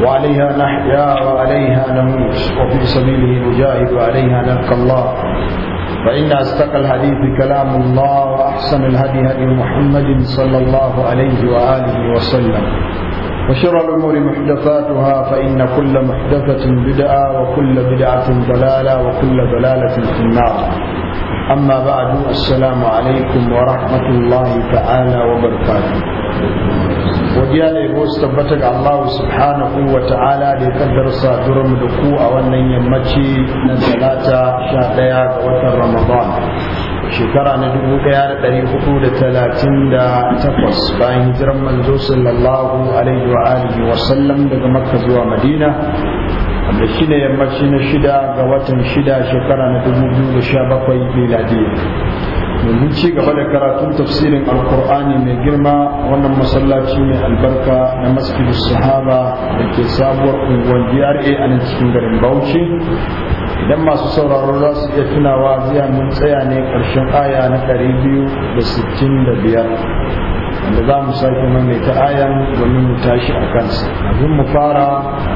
وعليها نحيا وعليها نموت وفي سبيله نجاهد وعليها نلقى الله فإن أستقى الحديث كلام الله وأحسن الهدي هدي محمد صلى الله عليه وآله وسلم وشر الأمور محدثاتها فإن كل محدثة بدعة وكل بدعة ضلالة وكل ضلالة في النار أما بعد السلام عليكم ورحمة الله تعالى وبركاته godiya ne ko su tabbata ga Allah subhanahu wa ta'ala da ya kaddara sadurar da ku a wannan yammaci na talata sha ɗaya ga watan Ramadan shekara na dubu ɗaya da ɗari hudu da talatin da takwas bayan hijiran manzo sallallahu alaihi wa alihi wa sallam daga Makka zuwa Madina wanda shi ne yammaci na shida ga watan shida shekara na dubu biyu da sha bakwai miladiya domin ci gaba da karatun tafsirin alkur'ani mai girma wannan masallaci mai albarka na masjidus sahaba da ke sabuwar unguwar gra a nan cikin garin bauchi idan masu sauraron za su iya tunawa zuwa mun tsaya ne karshen aya na biyu da da sittin biyar. wanda za mu sake maimaita ayan domin mu tashi a kansa abin mu fara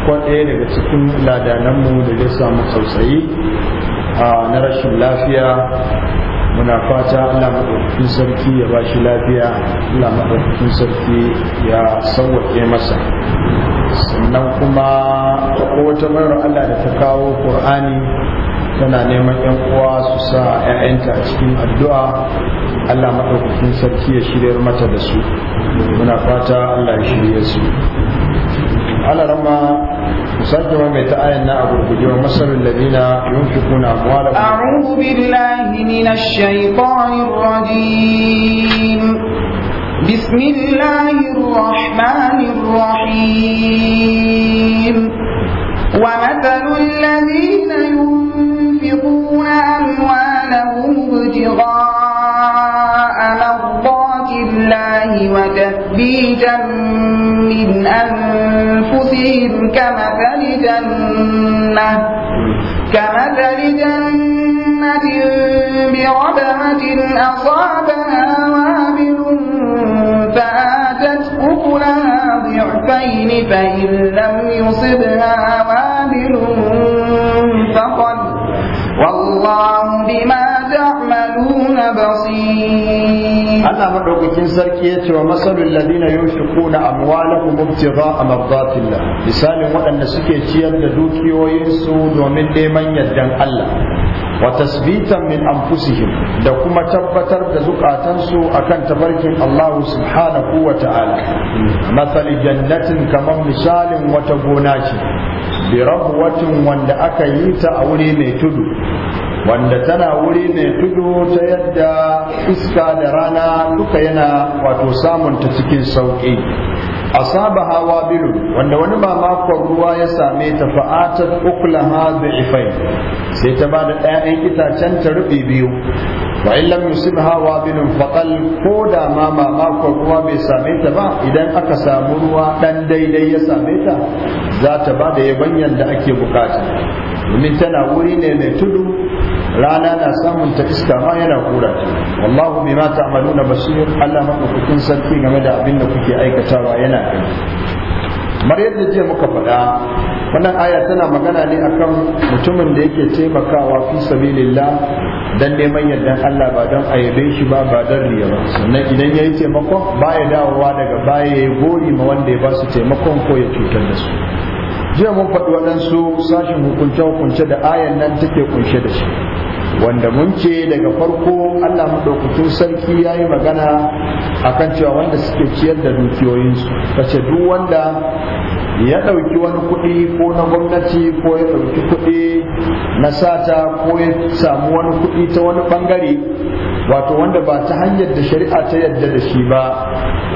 kwan ɗaya daga cikin ladananmu da ya samu tausayi na rashin lafiya muna fata Allah maɗaukakin sarki ya ba shi lafiya Allah maɗaukakin sarki ya sauwaƙe masa sannan kuma wata mayar Allah da ta kawo ƙur'ani tana neman yan uwa su sa 'ya'yanta a cikin addu'a Allah maɗaukakin sarki ya shiryar mata da su muna fata Allah ya shirye su على رما مسجل ميت آينا أبو الفجر الذين ينفقون أموالهم أعوذ بالله من الشيطان الرجيم بسم الله الرحمن الرحيم ومثل الذين ينفقون أموالهم ابتغاء مرضات الله وتثبيتا من أنفسهم أنفسهم كمثل جنة كمثل جنة بربعة أصابها وابل فآتت أكلها ضعفين فإن لم يصبها وابل فقد والله بما تعملون بصير الله مدوكين سركي يتي ومثل الذين ينفقون أموالهم ابتغاء مرضات الله مثال وأن سكي تيار دوكي وينسو دومن ديمن يدن الله وتثبيتا من أنفسهم دكما تبتر دزكا تنسو أكن تبارك الله سبحانه وتعالى مثل جنة كما مثال وتبوناتي بربوة وأن أكيت أولي ميتدو wanda tana wuri mai tudu ta yadda iska da rana duka yana wato samun ta cikin sauƙi asaba hawa bilu wanda wani mamakon ruwa ya same ta ukula ha da ifai sai ta ba da ɗayan itacen ta rufe biyu wa illam hawa wabilun faqal ko da ma mamakon ruwa bai same ta ba idan aka samu ruwa ɗan daidai ya same ta za ta ba da yabanyan da ake bukata domin tana wuri ne mai tudu rana na samun ta iska ma yana kura wallahu bima ta'maluna basir Allah kukin sarki game da abin da kuke aikatawa yana gani kamar yadda jiya muka faɗa wannan aya tana magana ne akan mutumin da yake taimakawa fi sabilillah dan neman yardan Allah ba don ayyabe shi ba ba dan riya ba sannan idan yayi taimakon baya dawowa daga baya ya gori ma wanda ya ba su taimakon ko ya cutar da su jiya mun faɗi waɗansu sashen hukunce-hukunce da ayan nan take kunshe da shi wanda mun ce daga farko Allah maɗaukakin sarki ya yi magana akan cewa wanda suke ciyar da dukiyoyinsu kace duk wanda ya ɗauki wani kuɗi ko na gwamnati ko ya ɗauki kuɗi na sata ko ya samu wani kuɗi ta wani ɓangare wato wanda ba ta hanyar da shari'a ta yadda da shi ba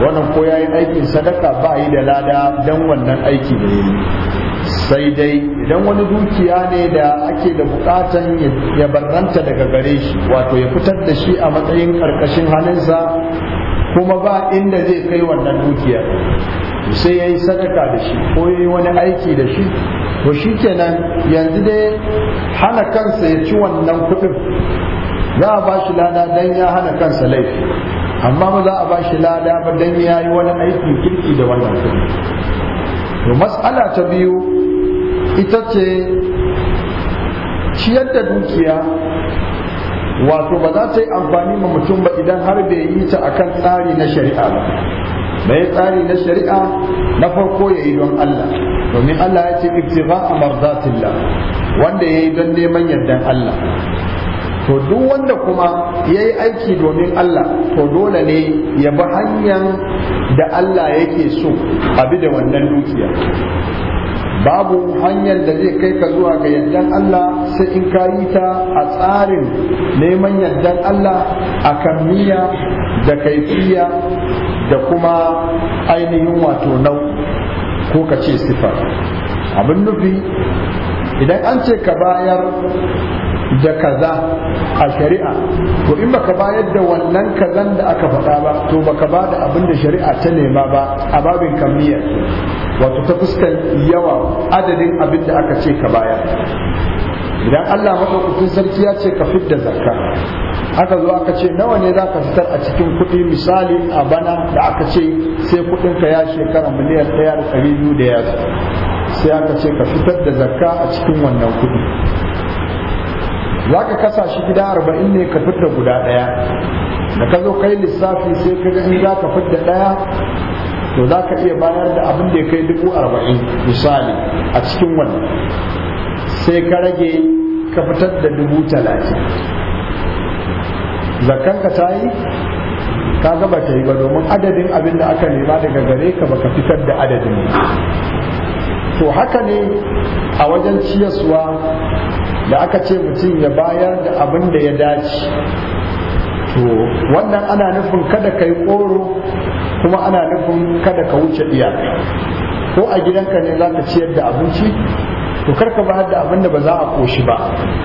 wannan ko ya yi aikin sadaka ba yi da lada don wannan aiki da sai dai idan wani dukiya ne da ake da bukatan ya barranta daga gare shi wato ya fitar da shi a matsayin karkashin halinsa kuma ba inda zai kai wannan dukiya sai ya yi sadaka da shi ko ya yi wani aiki da shi to shi kenan yanzu dai hana kansa ya ci wannan kuɗin za a ba shi lada don ya hana kansa laifi amma ba za a ba shi lada ba don ya yi wani aiki kirki da wannan kuɗi to mas'ala ta biyu ita ce ciyar da dukiya wato ba za ta yi amfani ma mutum ba idan har bai yi ta akan tsari na shari'a ba bai tsari na shari'a na farko ya yi don Allah domin Allah ya ce ibtiga a marzatillah wanda ya yi don neman yardan Allah to duk wanda kuma ya yi aiki domin Allah to dole ne ya bi hanyar da Allah yake so bi da wannan dukiya babu hanyar da zai kai ka zuwa ga yardan Allah sai in ka yi ta a tsarin neman yardan Allah a kammiya da kaifiya da kuma ainihin wato nau ko ka ce sifa abin nufi idan an ce ka bayar da kaza a shari'a to in baka bayar da wannan kazan da aka faɗa ba to baka ba da abin da shari'a ta nema ba a babin kamiyya wato ta fuskan yawa adadin abin da aka ce ka baya idan Allah maɗaukakin sarki ya ce ka fidda zakka aka zo aka ce nawa ne za ka fitar a cikin kuɗi misali a bana da aka ce sai kuɗinka ya shekara miliyan ɗaya da ɗari biyu da yaro sai aka ce ka fitar da zakka a cikin wannan kuɗi za ka kasa shi gida arba'in ne ka fitar guda ɗaya da ka zo kai lissafi sai ka gani za ka fitar ɗaya to za ka iya bayar da abin da ya kai dubu arba'in misali a cikin wani, sai ka rage ka fitar da dubu talatin zakanka ta yi ka gaba ta yi ba domin adadin abin da aka nema daga gare ka baka fitar da adadin to haka ne a wajen ciyaswa da aka ce mutum ya bayar da abin da ya dace to wannan ana nufin kada ka yi ƙoro kuma ana nufin kada ka wuce iyaka ko a gidanka ne za ka ciyar da abinci to karka bayar da abin da ba za a koshi ba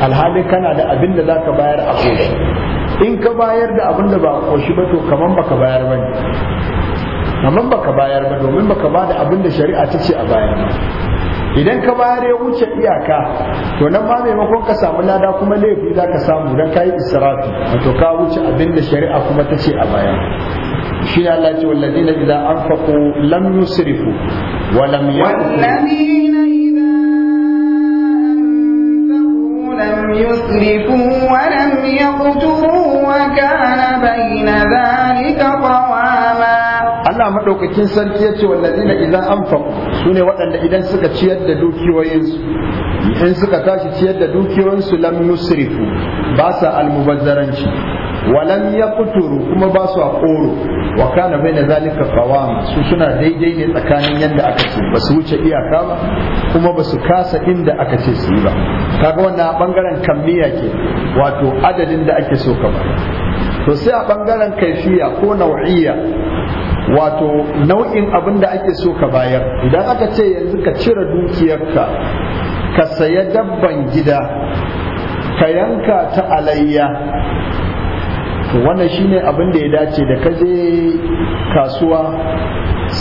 alhali kana da abin da za ka bayar a koshi in ka bayar da abin da ba a koshi ba to kaman baka bayar ba ne kaman baka bayar ba domin baka ba da abin da shari'a ta ce a bayar idan ka bayar ya wuce iyaka to nan ma maimakon ka samu lada kuma laifi za ka samu don ka yi israfi wato ka wuce abin da shari'a kuma ta ce a bayar. shi ne Allah ce wallazina idza anfaqu lam yusrifu wa lam يسرفوا ولم يقتروا وكان بين ذلك قواما Allah madaukakin sarki ya ce wallazina idan su ne waɗanda idan suka ciyar da dukiyoyinsu in suka tashi ciyar da dukiyoyinsu lam yusrifu ba sa almubazzaranci walam kuturu kuma ba su koro wa kana na zalika qawama su suna daidai ne tsakanin yadda aka ce ba su wuce iyaka ba kuma ba su kasa inda aka ce su yi ba kaga wannan bangaren kammiya ke wato adadin da ake so ka to sai a bangaren kaifiya ko nau'iyya wato nau'in abin da ake so ka bayar idan aka ce yanzu ka cire dukiyarka ka saya dabban gida ka yanka ta alayya to wannan shine abin da ya dace da ka je kasuwa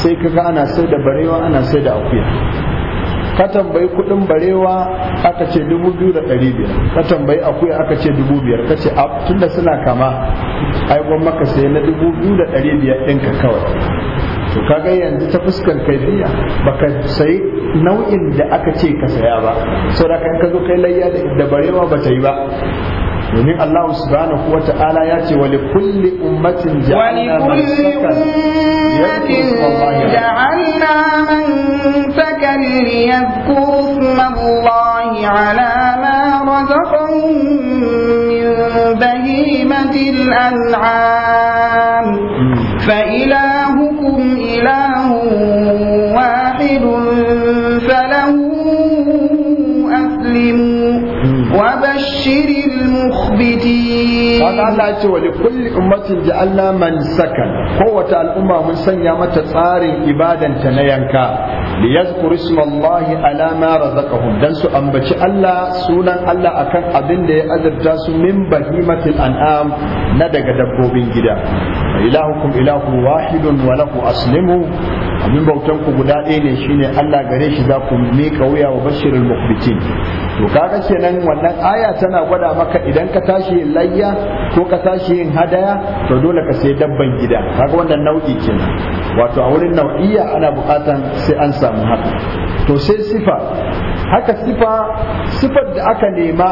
sai kaga ana sai da barewa ana sai da akuya ka tambayi kudin barewa aka ce dubu biyu da ɗari biyar ka tambayi akuya aka ce dubu biyar ka ce tun da suna kama ai maka sai na dubu biyu da ɗari biyar ɗinka kawai to kaga yanzu ta fuskar ba baka sai nau'in da aka ce ka saya ba da kan ka zo kai layya da barewa ba ta yi ba domin Allah subhanahu wa ta'ala ya ce wa likulli ummatin ja'alna man sakan liyadhkuru isma Allah ala ma razaqahum min bahimatil an'am fa ila mukhbitin kaga Allah ya ce wa kulli ummatin ja'alna man sakan kowace al'umma mun sanya mata tsarin ibadanta na yanka li yazkuru ismallahi ala ma dan su ambaci Allah sunan Allah akan abin da ya azurta su min bahimatil an'am na daga dabbobin gida ilahukum wahidun wa lahu aslimu abin bautan ku guda ɗaya ne shine Allah gare shi za ku ka wuya wa bashirul muqbitin to kaga kenan wannan aya tana gwada maka idan ka tashi yin layya ko ka tashi yin hadaya to dole ka sai dabban gida kaga wannan nau'i kenan wato a wurin nau'iyya ana bukatan sai an samu haka to sai sifa haka sifa sifar da aka nema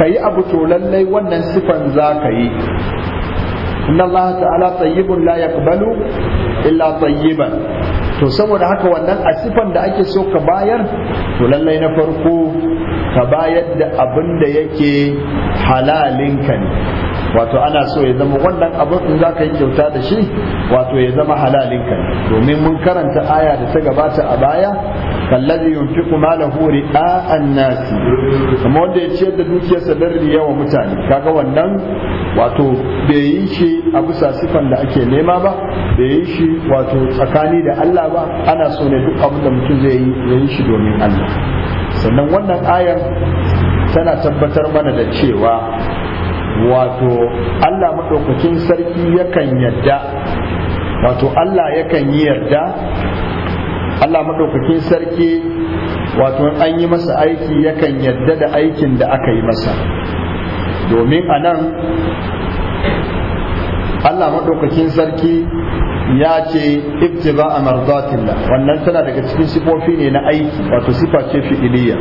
ka yi abu to lallai wannan sifan za ka yi inna Allah ta'ala tayyibun la yaqbalu illa tayyiban to saboda haka wannan a asifan da ake so ka bayar to lallai na farko ka bayar da abin da yake ka ne wato ana so ya zama wannan abin in za ka yi kyauta da shi wato ya zama halalinka ne domin mun karanta aya da ta gabata a baya kallazi yunfiqu malahu ri'a an kuma wanda ya ciyar da dukiyarsa dan riya wa mutane kaga wannan wato bai yi shi a bisa sifan da ake nema ba bai yi shi wato tsakani da Allah ba ana so ne duk abin da mutum zai yi ya yi shi domin Allah sannan wannan ayar tana tabbatar mana da cewa wato Allah maɗaukakin sarki yakan yadda wato Allah yakan yi yarda Allah maɗaukakin sarki wato an yi masa aiki yakan yadda da aikin da aka yi masa domin a nan Allah maɗaukakin sarki ya ce ibtiba a marzatillah wannan tana daga cikin sifofi ne na aiki wato sifa ce fi'iliya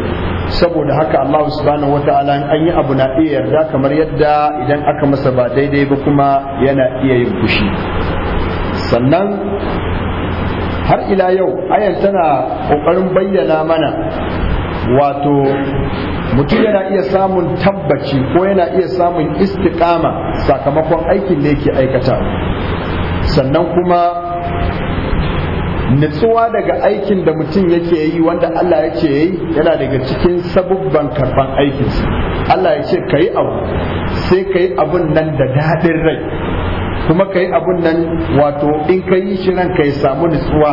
saboda haka Allah subhanahu wata'ala an yi abu na iya yarda kamar yadda idan aka masa ba daidai ba kuma yana iya yin fushi sannan har ila yau ayar tana kokarin bayyana mana wato mutum yana iya samun tabbaci ko yana iya samun istiƙama sakamakon aikin da yake aikata sannan kuma nutsuwa daga aikin da mutum yake yi wanda Allah ya ce yi yana daga cikin sabubban karban aikinsa Allah ya ce ka yi abu sai ka yi abun nan da daɗin rai kuma ka yi abun nan wato in ka yi shi nan ka yi samu nutsuwa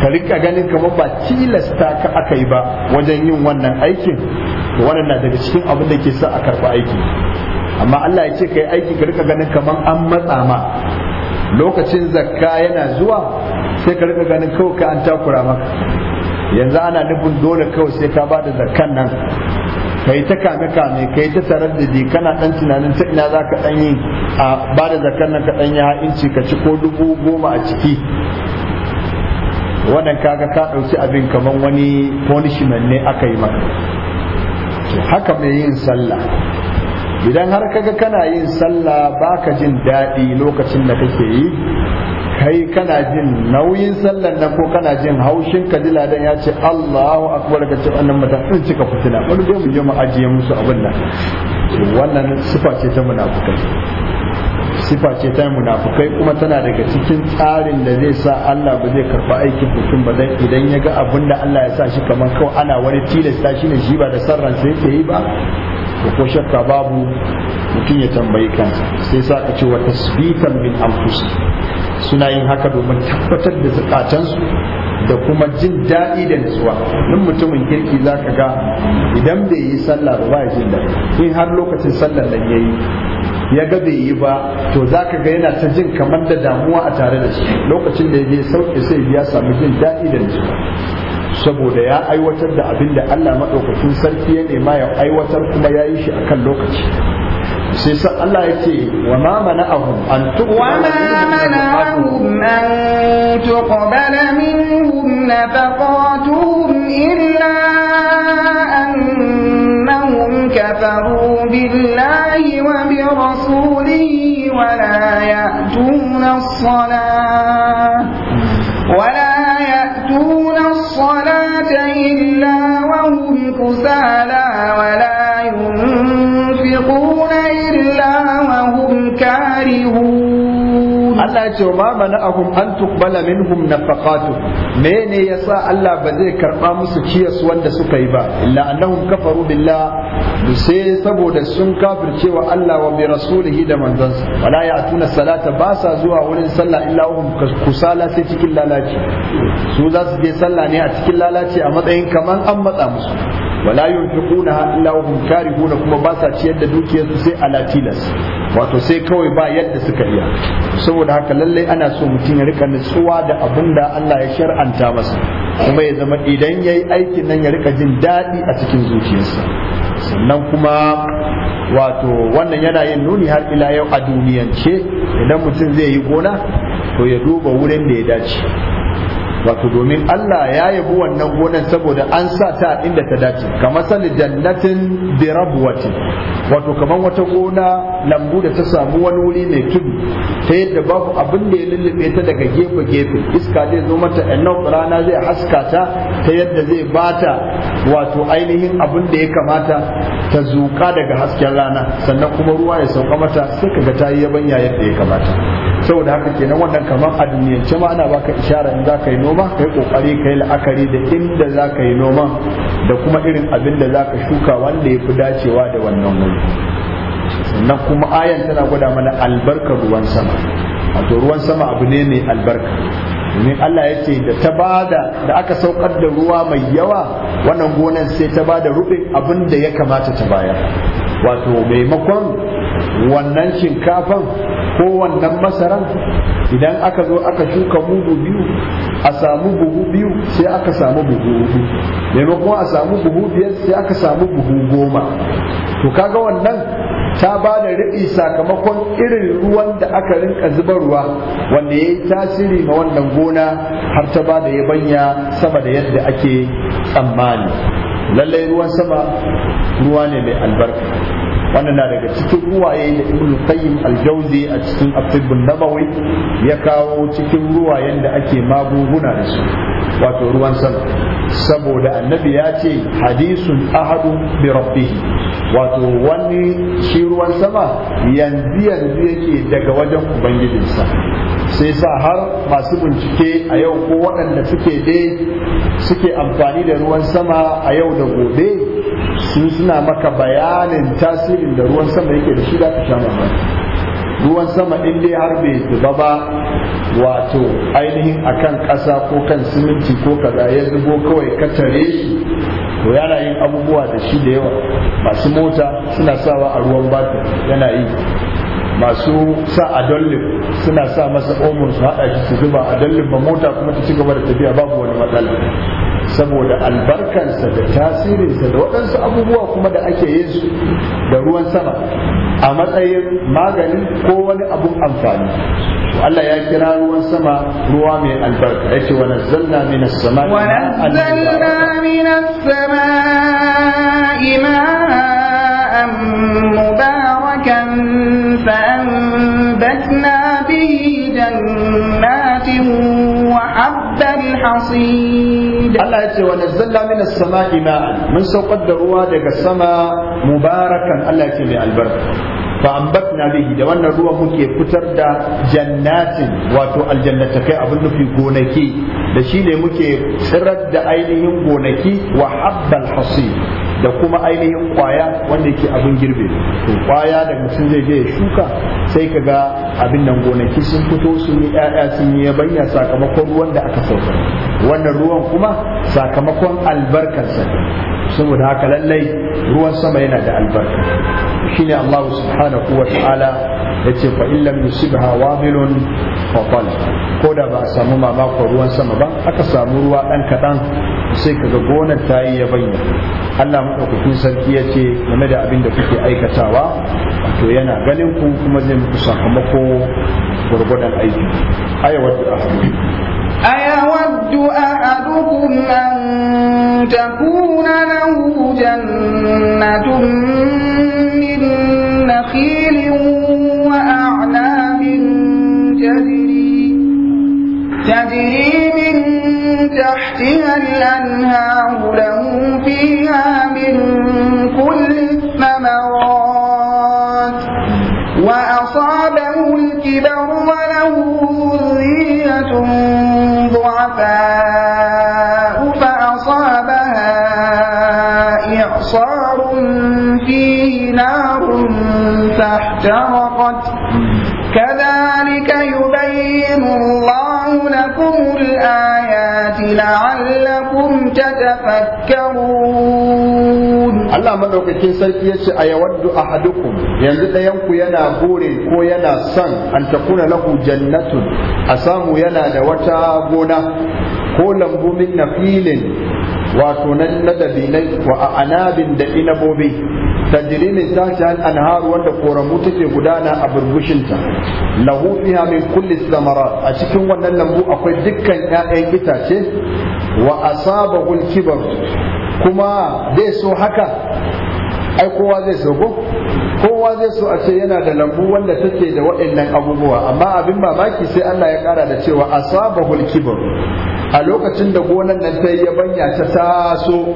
ka rika ganin kama ba tilasta ka aka yi ba wajen yin wannan aikin wannan na daga cikin abin da ke sa a karɓi aiki amma Allah ya ce ka yi aiki ka rika ganin kaman an matsa ma lokacin zakka yana zuwa sai ka rika ganin kawai ka an takura maka yanzu ana nufin dole kawai sai ka bada zakkan nan kai ta kame kame ka yi ta da kana dan tunanin ta ina za ka dan yi a bada zakkan nan ka dan yi inci ka ci ko dubu goma a ciki wannan kaga ka ɗauki abin kamar wani punishment ne aka yi maka haka mai yin sallah idan har kaga kana yin sallah baka jin daɗi lokacin da kake yi kai kana jin nauyin sallar nan ko kana jin haushin ka dan ya ce Allahu akbar ga cewa annan mata sun cika fitina wani zo mu je mu ajiye musu abin nan wannan sifa ce ta munafukai sifa ce ta munafikai kuma tana daga cikin tsarin da zai sa Allah ba zai karba aikin mutum ba dan idan ya ga abin da Allah ya sa shi kamar kawai ana wani tilasta shi ne shi ba da sarran sai yake yi ba to ko shakka babu mutum ya tambayi kansa sai sa ka ce wa tasbikan min anfusi suna yin haka domin tabbatar da zakatansu da kuma jin daɗi da nutsuwa nan mutumin kirki za ka ga idan bai yi sallah ba ya jin daɗi in har lokacin sallar nan ya yi ya ga bai yi ba to za ka ga yana ta jin kamar da damuwa a tare da shi lokacin da ya je sauke sai ya samu jin daɗi da nutsuwa saboda ya aiwatar da abin da Allah maɗaukakin sarki ya nema ya aiwatar kuma ya yi shi akan lokaci sai san Allah ya ce wa ma mana'ahum an tuqbala minhum nafaqatuhum illa annahum kafaru billahi wa bi wa la ya'tuna as الصلاة إلا وهم كسالى ولا ينفقون إلا وهم كارهون Allah ya ce ma mana'ahum an tuqbala minhum me mene yasa Allah ba zai karɓa musu ciyas wanda suka yi ba illa annahum kafaru billah sai saboda sun kafirce wa Allah wa bi rasulihi da manzansa wala ya'tuna salata ba sa zuwa wurin sallah illa hum kusala sai cikin lalaci su za su je sallah ne a cikin lalaci a matsayin kaman an matsa musu wala yunfiquna illa hum karihuna kuma ba sa ciyar da dukiyar su sai ala tilas wato sai kawai ba yadda suka iya saboda haka lallai ana so mutum ya rika nutsuwa da abin da Allah ya shar'anta masa kuma ya zama idan yayi aikin nan ya rika jin daɗi a cikin zuciyarsa sannan kuma wato wannan yana yin nuni har ila yau a duniyance idan mutum zai yi gona to ya duba wurin da ya dace wato domin Allah ya yabi wannan gonar saboda an sa ta inda ta dace kamar sani jannatin bi rabwati wato kamar wata gona lambu da ta samu wani wuri mai tudu ta yadda babu abin da ya lullube ta daga gefe gefe iska zai zo mata enough rana zai haska ta ta yadda zai bata wato ainihin abin da ya kamata ta zuka daga hasken rana sannan kuma ruwa ya sauka mata sai ga ta yi yabanya yadda ya kamata saboda haka kenan wannan kamar a duniyance ma ana baka ishara in za ka yi noma ka yi kokari ka yi la'akari da inda za ka yi noman da kuma irin abin da za ka shuka wanda ya fi dacewa da wannan wuri sannan kuma ayan tana gwada mana albarkar ruwan sama wato ruwan sama abu ne mai albarka domin Allah ya ce da ta bada da aka saukar da ruwa mai yawa wannan gonan sai ta bada rubin abin da ya kamata ta bayar wato maimakon wannan shinkafan ko wannan masaran idan aka zo aka shuka mugu biyu a samu buhu biyu sai aka samu buhu biyu maimakon a samu buhu biyar sai aka samu buhu goma to kaga wannan ta ba da riɓi sakamakon irin ruwan da aka rinka zubarwa wanda ya yi tasiri na wannan gona har ta ba da yabanya sama da yadda ake tsammani lallai ruwan sama ruwa ne mai albarka wannan na daga cikin ruwaye da ibnu qayyim al-jawzi a cikin at-tibbun nabawi ya kawo cikin ruwayen da ake magunguna da su wato ruwan sama saboda annabi ya ce hadisun ahadu bi rabbih wato wani shi ruwan sama yanzu yanzu yake daga wajen ubangijinsa sai sa har masu bincike a yau ko waɗanda suke dai suke amfani da ruwan sama a yau da gobe su suna maka bayanin tasirin da ruwan sama yake da shi da sha ruwan sama in dai har bai zuba ba wato ainihin akan ƙasa ko kan siminti ko kaza ya zubo kawai ka tare shi to yana yin abubuwa da shi da yawa masu mota suna sawa a ruwan bata yana yi masu sa a dollin suna sa masa omar su haɗa shi su zuba a dollin ba mota kuma ta ci gaba da tafiya babu wani matsala saboda albarkansa da tasirinsa da waɗansu abubuwa kuma da ake yin su da ruwan sama a matsayin magani ko wani abun amfani Allah ya kira ruwan sama ruwa mai albarka yake wa nazzalna minas sama'i wa حبا حصيدا الله يتي ونزلنا من السماء ماء من سوقد روا دغ السماء مباركا الله يتي من البركه فأنبتنا به da wannan ruwan muke fitar da jannatin wato aljannatakai abin nufi gonaki da shi ne muke tsirar da ainihin gonaki wa habbal hasi da kuma ainihin kwaya wanda yake abin girbe to kwaya da mutum zai je ya shuka sai kaga abin nan gonaki sun fito sun yi ƴaƴa sun yi yabanya sakamakon ruwan da aka sauka wannan ruwan kuma sakamakon albarkar sa saboda haka lallai ruwan sama yana da albarka shine Allah subhanahu wa ta'ala yace fa lam yusibha wabilun fa ko da ba a samu mamakon ruwan sama ba aka samu ruwa dan kadan sai kaga gonar tayi yi yabanya Allah madaukakin sarki ya ce game da abin da kuke aikatawa to yana ganin ku kuma zai muku sakamako gwargwadon aiki ayawaddu ahadukum ayawaddu ahadukum an takuna lahu jannatun min nakhilin wa a'nabin tajri تجري من تحتها الأنهار له فيها الرخاء فأصابها إعصار فيه نار فاحترقت كذلك يبين الله لكم الآيات لعلكم تتفكرون Allah madaukakin sarki ya ce a yawaddu ahadukum yanzu ɗayanku yana gore ko yana son an takuna lahu jannatun a samu yana da wata gona ko lambu min nafilin wato na dabinai wa anabin da inabobi tajiri min tahti al anhar wanda koramu take gudana a burbushinta lahu fiha min kulli thamarat a cikin wannan lambu akwai dukkan ƴaƴan itace wa asabahu al kibar kuma zai so haka ai kowa zai so ko kowa zai so a ce yana da lambu wanda take da waɗannan abubuwa amma abin mamaki sai Allah ya kara da cewa asabahul kibr a lokacin da gonan nan ta yi yabanya ta taso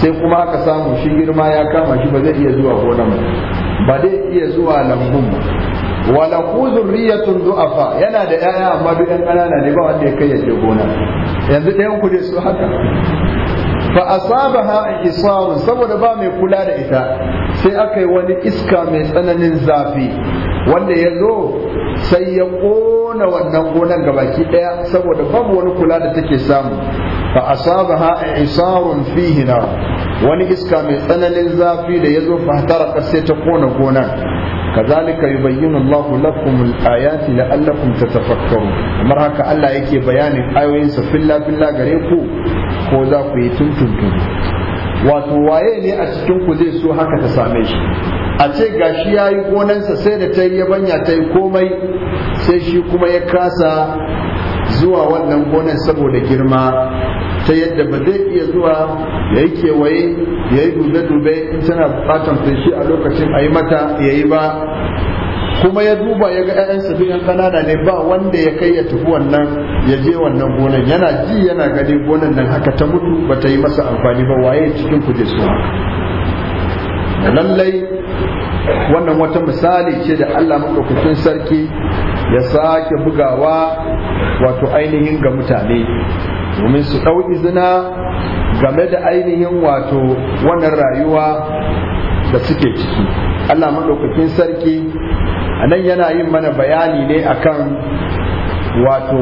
sai kuma aka samu shi girma ya kama shi ba zai iya zuwa gonan ba zai iya zuwa lambun ba wala ku zurriyatun du'afa yana da yaya amma duk yan ƙanana ne ba wanda ya kai yaje gona yanzu ɗayan ku dai su haka fa asabaha isarun saboda ba mai kula da ita sai aka yi wani iska mai tsananin zafi wanda ya zo sai ya kona wannan gonan baki daya saboda babu wani kula da take samu fa asabaha isarun fihi na wani iska mai tsananin zafi da ya zo fa tara ta kona gonan kazalika yubayyinu Allahu lakum al-ayati la'allakum tatafakkarun kamar haka Allah yake bayanin ayoyinsa filla gare ku ko za ku yi tuntuntun wato waye ne a cikin ku zai so haka ta same shi a ce gashi ya yi gonansa sai da ta yi yabanya ta yi komai sai shi kuma ya kasa zuwa wannan gonan saboda girma ta yadda ba zai iya zuwa ya yi kewaye ya yi dube-dube in tana bukatan feshi a lokacin a yi mata ya yi ba kuma ya duba ya ga 'ya'yansa duk yan kanana ne ba wanda ya kai ya tafi wannan ya je wannan gonan yana ji yana gani gonan nan haka ta mutu ba ta yi masa amfani ba waye cikin su haka lallai wannan wata misali ce da Allah maɗaukakin sarki ya sake bugawa wato ainihin ga mutane domin su ɗau izina game da ainihin wato wannan rayuwa da suke ciki Allah maɗaukakin sarki anan yana yin mana bayani ne akan wato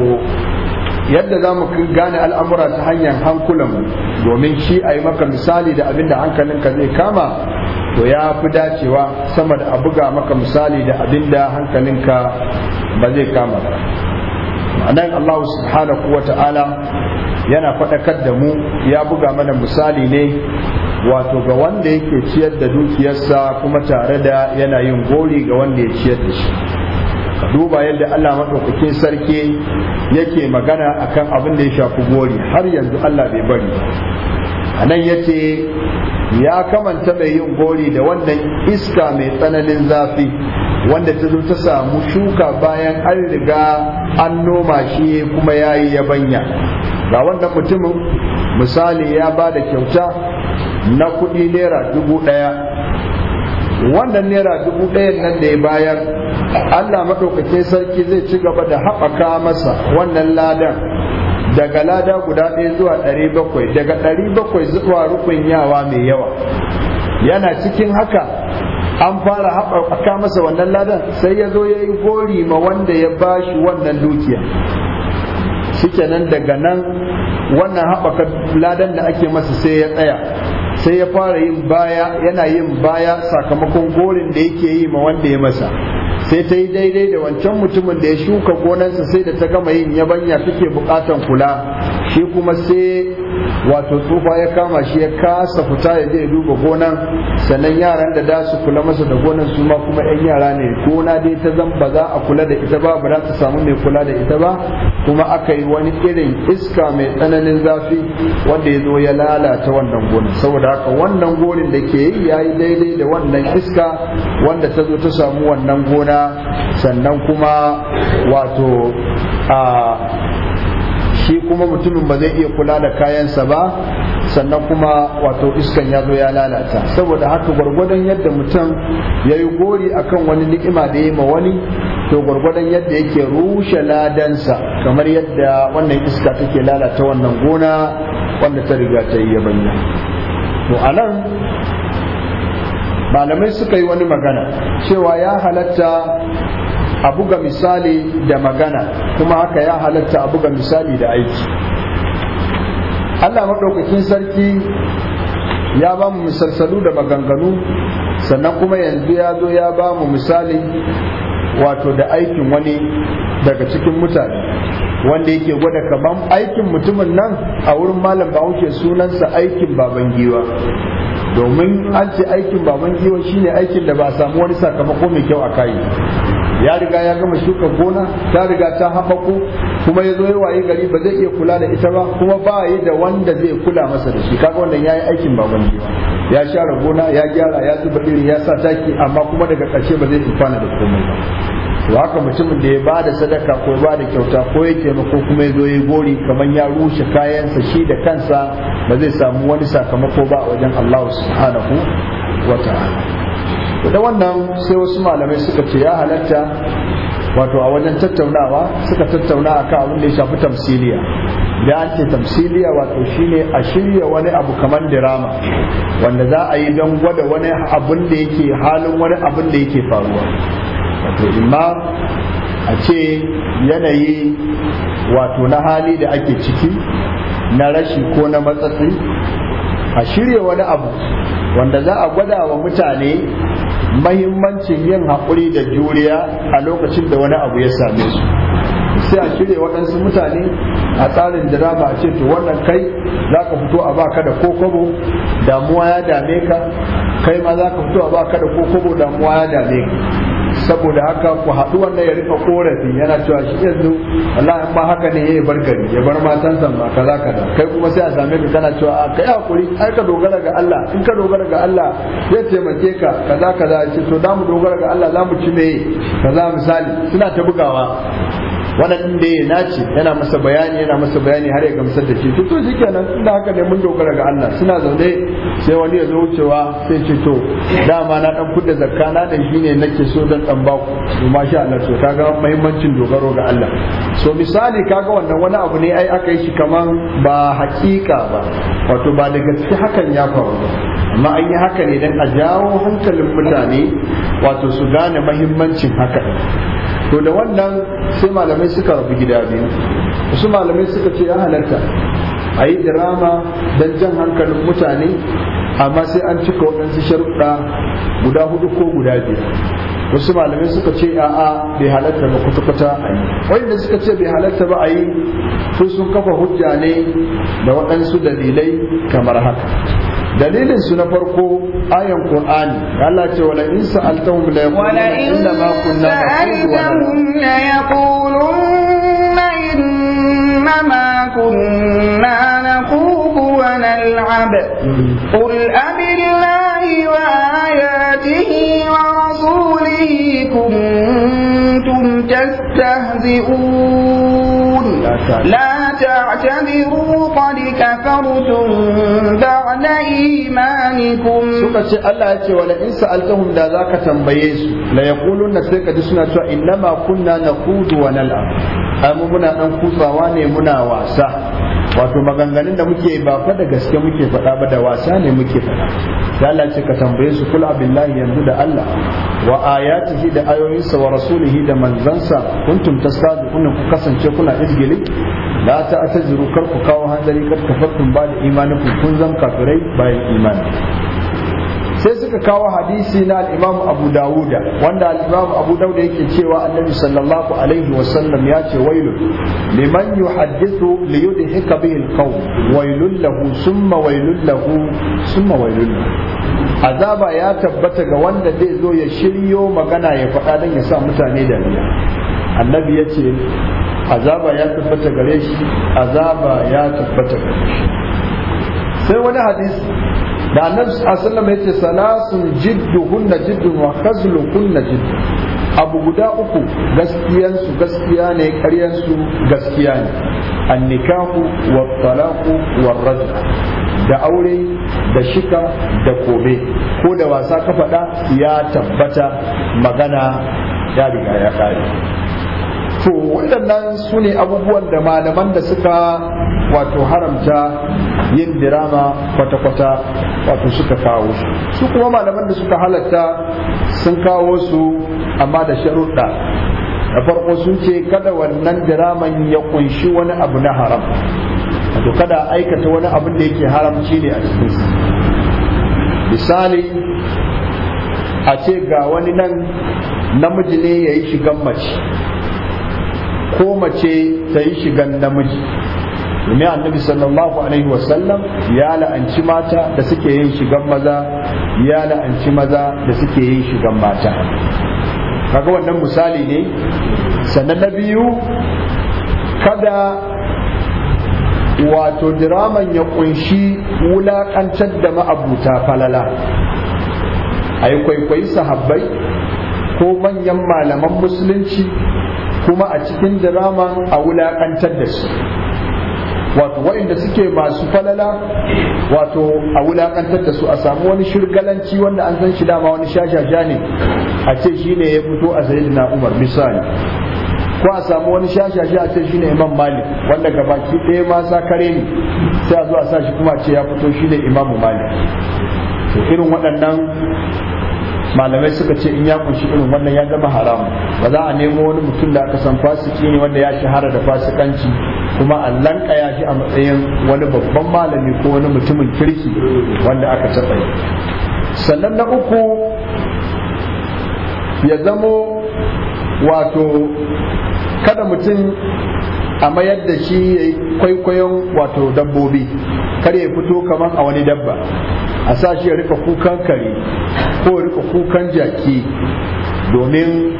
yadda za mu gane al'amura ta hanyar hankulan domin shi a yi maka misali da abin da hankalinka zai kama to ya fi dacewa sama da a buga maka misali da abin da hankalinka ba zai kama ba ma'anan Allah subhanahu wa ta'ala yana faɗakar da mu ya buga mana misali ne wato ga wanda yake ciyar da dukiyarsa kuma tare da yana yin gori ga wanda ya ciyar da shi duba yadda Allah maɗaukakin sarki yake magana akan abin da ya shafi gori har yanzu Allah bai bari a nan ya ce ya kamanta mai yin gori da wannan iska mai tsananin zafi wanda ta zo ta samu shuka bayan an riga an noma shi kuma ya yi yabanya ga wannan mutumin misali ya ba da kyauta na kuɗi naira dubu ɗaya wannan naira dubu ɗayan nan da ya bayar allah maɗaukakin sarki zai ci gaba da haɓaka masa wannan ladan daga lada guda ɗaya zuwa ɗari bakwai daga ɗari bakwai zuwa rukun mai yawa yana cikin haka an fara haɓaka masa wannan ladan sai ya zo ya yi gori ma wanda ya bashi wannan dukiya shikenan daga nan wannan haɓaka ladan da ake masa sai ya tsaya sai ya fara yin baya yana yin baya sakamakon gorin da yake yi ma wanda ya masa sai ta yi daidai da wancan mutumin da ya shuka gonansa sai da ta gama yin yabanya take bukatan kula shi kuma sai wato tsufa ya kama shi ya kasa fita ya je duba gonan sannan yaran da da su kula masa da gonan su ma kuma yan yara ne gona dai ta zan ba za a kula da ita ba ba za ta samu mai kula da ita ba kuma aka yi wani irin iska mai tsananin zafi wanda ya zo ya lalata wannan gonan saboda haka wannan gonin da ke yi ya yi daidai da wannan iska wanda ta zo ta samu wannan gona sannan kuma wato a shi kuma mutumin ba zai iya kula da kayansa ba sannan kuma wato iskan ya zo ya lalata saboda haka gwargwadon yadda mutum ya yi gori akan wani ni'ima da ya ma wani to gwargwadon yadda yake rushe ladansa kamar yadda wannan iska take lalata wannan gona wanda ta riga ta yi yabanya to a nan malamai suka yi wani magana cewa ya halatta a buga misali da magana kuma haka ya halatta a buga misali da aiki Allah maɗaukakin sarki ya ba mu misalsalu da maganganu sannan kuma yanzu ya zo ya ba mu misali wato da aikin wani daga cikin mutane wanda yake gwada kaman aikin mutumin nan a wurin malam ba bahaushe sunansa aikin baban giwa domin an ce aikin baban giwa shine aikin da ba a samu wani sakamako mai kyau a kai ya riga ya gama shuka gona ta riga ta haɓaku kuma ya zo ya waye gari ba zai iya kula da ita ba kuma ba yi da wanda zai kula masa da shi kaga wannan ya yi aikin baban giwa ya share gona ya gyara ya zuba iri ya sa taki amma kuma daga ƙarshe ba zai amfana da komai ba to haka mutumin da ya ba da sadaka ko ba da kyauta ko ya taimako kuma ya zo ya gori kamar ya rushe kayansa shi da kansa ba zai samu wani sakamako ba a wajen Allah subhanahu wa ta'ala da wannan sai wasu malamai suka ce ya halatta wato a wajen tattaunawa suka tattauna akan abin da ya shafi tamsiliya da an ce tamsiliya wato shine a shirya wani abu kamar dirama wanda za a yi don gwada wani abin da yake halin wani abin da yake faruwa wato imma a ce yanayi wato na hali da ake ciki na rashi ko na matsatsi a shirya wani abu wanda za a gwada wa mutane mahimmancin yin haƙuri da juriya a lokacin da wani abu ya same su sai a shirya waɗansu mutane a tsarin dirama a ce to wannan kai za ka fito a baka da kokobo damuwa ya dame ka kai ma za ka fito a baka da kokobo damuwa ya dame ka saboda haka ku haɗu wannan ya rufe korafi yana cewa shi yanzu Allah ba haka ne ya bar gari ya bar matan san ma kaza kaza kai kuma sai a same ka kana cewa a kai hakuri ai ka dogara ga Allah in ka dogara ga Allah zai taimake ka kaza kaza shi to da mu dogara ga Allah za mu ci me kaza misali suna ta bugawa wannan da ya nace yana masa bayani yana masa bayani har ya gamsar da shi to to kenan inda haka ne mun dogara ga Allah suna zaune sai wani ya zo wucewa sai ce to dama na dan kudda zakka na dan shine nake so dan dan ku to masha Allah to kaga muhimmancin dogaro ga Allah so misali kaga wannan wani abu ne ai aka yi shi kaman ba hakika ba wato ba da gaske hakan ya faru amma an yi haka ne dan a jawo hankalin mutane wato su gane muhimmancin haka to da wannan sai malamai suka rabu gida biyu wasu malamai suka ce ya halarta a yi dirama don jan hankalin mutane amma sai an cika waɗansu sharuɗa guda hudu ko guda biyu wasu malamai suka ce a'a bai halatta ba kwata-kwata a yi wanda suka ce bai halatta ba a yi sun kafa hujja ne da waɗansu dalilai kamar haka dalilin su na farko ayan qur'ani Allah ce wala in sa'altahum la yaquluna inna ma kunna naqulu inna ma kunna naqulu wa nal'ab hmm. qul abillahi wa ayatihi wa rasulihi kunna أنتم تستهزئون لا تعتذروا قد كفرتم بعد إيمانكم سكة الله يتي ولئن سألتهم لا ذاك تنبيس لا يقولون سيكا دسنا إنما كنا نخوض ونلعب أمو منا أنخوض واني منا واسا wato maganganun da muke ba fa da gaske muke faɗa ba da wasa ne muke faɗa ya ce ka tambaye su kula billahi yanzu da Allah wa ayatihi da ayoyinsa wa rasulihi da manzansa kuntum kunna ku kasance kuna izgili la ta'taziru kar ku kawo hanzari kar kafartum ba da imani kun zan kafirai bayan imani sai suka kawo hadisi na al'imam Abu Dawuda wanda al'imam Abu Dawuda yake cewa Annabi sallallahu alaihi wasallam ya ce wailu liman yuhaddithu li yudhika bihi al-qawm wailun lahu summa wailun lahu summa wailun azaba ya tabbata ga wanda zai zo ya shiryo magana ya faɗa dan ya sa mutane da dariya annabi ya ce azaba ya tabbata gare shi azaba ya tabbata gare shi sai wani hadisi da annabi sallallahu alaihi yace salasun jidduhunna jiddun wa kunna jiddu abu guda uku gaskiyansu gaskiya ne su gaskiya ne annikahu wa talaqu wa raj'a da aure da shika da kobe ko da wasa ka faɗa ya tabbata magana ya riga ya kare. to waɗannan su ne abubuwan da malaman da suka wato haramta yin dirama kwata-kwata wato suka kawo su kuma malaman da suka halatta sun kawo su amma da sharuɗa da farko sun ce kada wannan diraman ya kunshi wani abu na haram wato kada aikata wani abin da yake haramci ne a su, misali a ce ga wani nan namiji ne ya yi shigan mace ko mace ta yi shigan namiji domin annabi sallallahu alaihi wasallam ya la'anci mata da suke yin shigan maza ya la'anci maza da suke yin shigan mata kaga wannan misali ne sannan na biyu kada wato diraman ya kunshi wulaƙantar da ma'abuta falala a yi kwaikwayi sahabbai ko manyan malaman musulunci kuma a cikin diraman a wulakantar da su wato waɗanda suke masu falala wato a wulakantar da su a samu wani shirgalanci wanda an san shi dama wani shashaja ne a ce shi ne ya fito a zai na umar misali ko a samu wani shashashi a ce shi ne imam malik wanda gaba ɗaya ma sa kare ne sai a zo a sa shi kuma ce ya fito shi ne imamu malik to irin waɗannan malamai suka ce in ya kunshi irin wannan ya zama haram ba za a nemo wani mutum da aka san fasiki ne wanda ya shahara da fasikanci kuma a lankaya shi a matsayin wani babban malami ko wani mutumin kirki wanda aka taɓa yi sannan na uku ya zamo wato kada mutum a mayar da shi ya yi kwaikwayon wato dabbobi kar ya fito kamar a wani dabba a sa shi ya rika kukan kare ko rika kukan jaki domin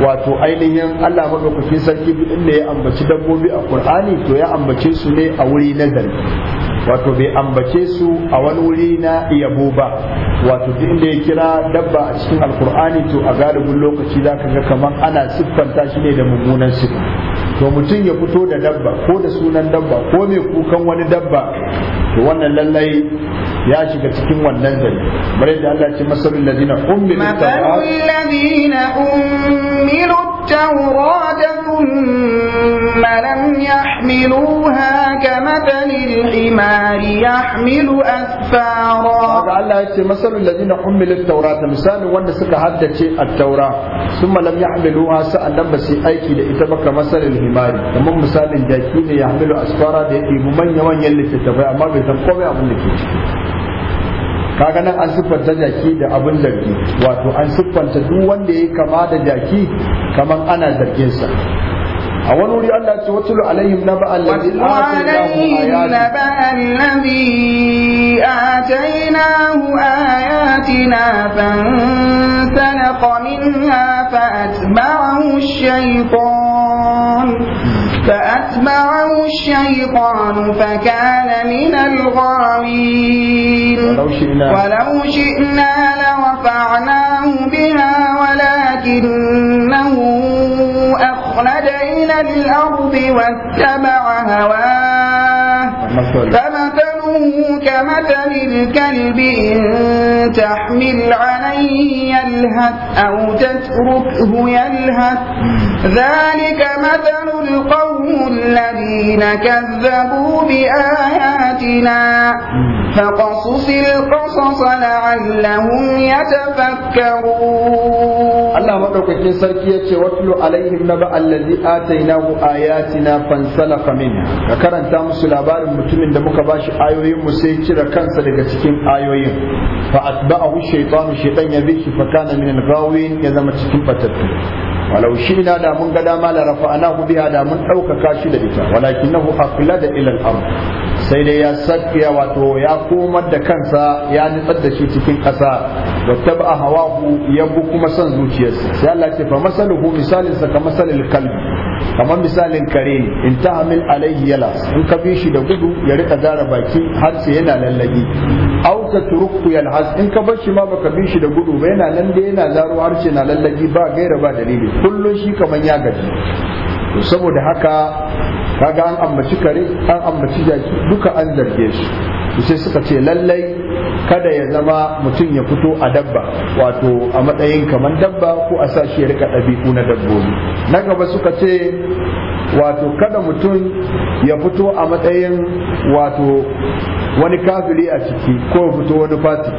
wato ainihin Allah maɗaukakin sarki duk inda ya ambaci dabbobi a Kur'ani to ya ambace su ne a wuri nazari wato bai ambace su a wani wuri na yabo ba wato duk inda ya kira dabba a cikin alkur'ani to a galibin lokaci za ka ga kamar ana siffanta shi ne da mummunan siffa to mutum ya fito da dabba ko da sunan dabba ko mai kukan wani dabba to wannan lallai ya shiga cikin wannan gari bare da Allah ya ce masalul ladina ummilu التوراة ثم لم يحملوها كمثل الحمار يحمل أسفارا الله يتي مثل الذين حملوا التوراة مثال وانا سكا التوراة ثم لم يحملوها سأل بس أيكي لإتبك مثل الحمار كما مثال جاكين يحمل أسفارا دي ممين يمن يلي تتبع ما بيتم قوي أبنك kaga nan an siffanta jaki da abin zargi wato an siffanta duk wanda ya kama da jaki kamar ana zargin sa a wani wuri Allah ce wa tulu alaihim na alladhi ladhi atainahu ayatina fansalaqa minha fa'atba'ahu ash-shaytan فأتبعه الشيطان فكان من الغاوين ولو شئنا لرفعناه بها ولكنه أخلد إلى الأرض واتبع هواه فمثله كمثل الكلب إن تحمل عليه يلهث أو تتركه يلهث ذلك مثل القوم الذين كذبوا بآياتنا فقصص القصص لعلهم يتفكرون الله مدوكاكين سركي yace watlu alaihim naba allazi atainahu ayatina fansalakha minha ka karanta musu labarin mutumin da muka bashi ayoyinmu sai cire kansa daga cikin ayoyin fa atba'ahu shaytanu shaytan ya bi shi fa kana min al ya zama cikin batattu walau shi na da mun ga dama la rafa'nahu biha da mun ɗaukaka shi da ita walakinahu aqlada ila al-ard sai dai ya sakiya wato ya komar da kansa ya nitsar da shi cikin ƙasa wa tab'a hawahu ya bu kuma son zuciyarsa sai Allah ya ce fa masaluhu misalin sa ka masalil kalbi kamar misalin kare ne in ta hamil alaihi yala in ka bi shi da gudu ya rika gara baki har sai yana lallagi au turuku yal has in ka bar shi ma baka bi shi da gudu ba yana nan da yana zaro har sai na lallagi ba gaira ba dalili kullun shi kamar ya gaji to saboda haka kaga an ambaci kare an ambaci jaki duka an zarge su sai suka ce lallai kada ya zama mutum ya fito a dabba wato a matsayin kamar dabba ko a sa shi ya rika ɗabi'u na dabbobi na gaba suka ce wato kada mutum ya fito a matsayin wato wani kafiri a ciki ko ya fito wani fati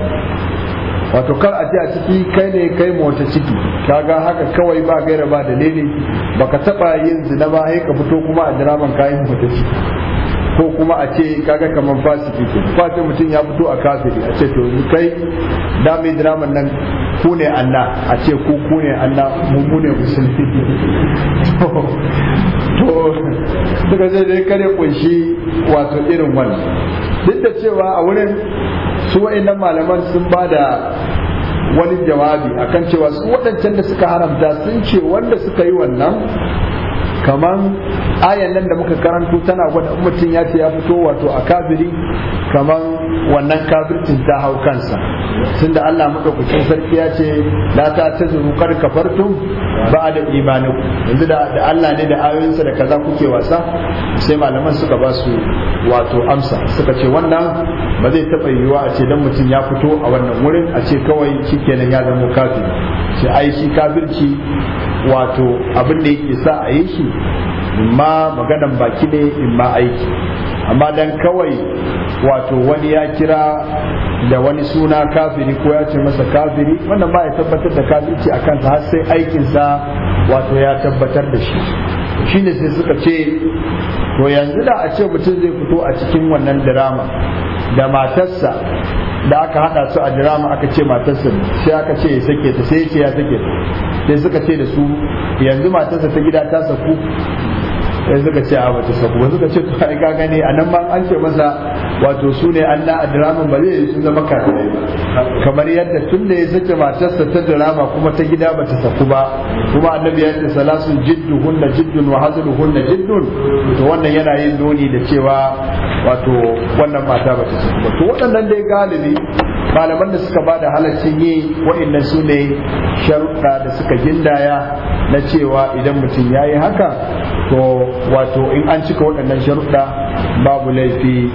wato kar a ce a ciki kai ne kai mota ciki kaga haka kawai ba gaira ba dalili baka taba yin zina ba sai ka fito kuma a jiraman kayan mota ciki ko kuma a ce kaga kamar fasiki ko ba ce mutum ya fito a kafiri a ce to kai da mai drama nan ku ne Allah a ce ku ku ne Allah mu ne musulmi to daga zai dai kare kunshi wato irin wannan duk da cewa a wurin su wa'annan malaman sun ba da wani jawabi akan cewa su waɗancan da suka haramta sun ce wanda suka yi wannan kaman ayan nan da muka karanto tana gwada mutum ya ce ya fito wato a kafiri kaman wannan kafircin ta hau kansa tunda Allah madaukakin sarki ya ce la ta tazuru kar ba da imanin yanzu da Allah ne da ayoyinsa da kaza kuke wasa sai malaman suka ba su wato amsa suka ce wannan ba zai taɓa yiwuwa a ce dan mutum ya fito a wannan wurin a ce kawai kenan ya zama kafin A ai shi kafirci wato abin da yake sa a yi shi ma maganan baki ne in ma aiki amma dan kawai wato wani ya kira da wani suna kafiri ko ya ce masa kafiri wannan ba ya tabbatar da kafirci a kansa har sai aikinsa wato ya tabbatar da shi ne sai suka ce to yanzu da a ce mutum zai fito a cikin wannan dirama da matarsa da aka hada su a dirama aka ce matarsa sai aka ce ya sake ta sai ya ce ya sake ta sai suka ce da su yanzu matarsa ta gida ta sauku sai suka ce a bata saku wasu suka ce to ai ka gani a nan ma an ce masa wato su ne Allah a diramin ba zai sun zama kafirai kamar yadda tun da ya sake matarsa ta dirama kuma ta gida ba ta saku ba kuma annabi ya ce salasun jiddu hunna jiddun wa hazlu hunna jiddun to wannan yana yin doni da cewa wato wannan mata ba ta saku ba to waɗannan dai galibi malaman da suka ba da halaccin yi waɗannan su ne sharuɗa da suka gindaya na cewa idan mutum ya yi haka to wato in an cika waɗannan sharuɗa babu laifi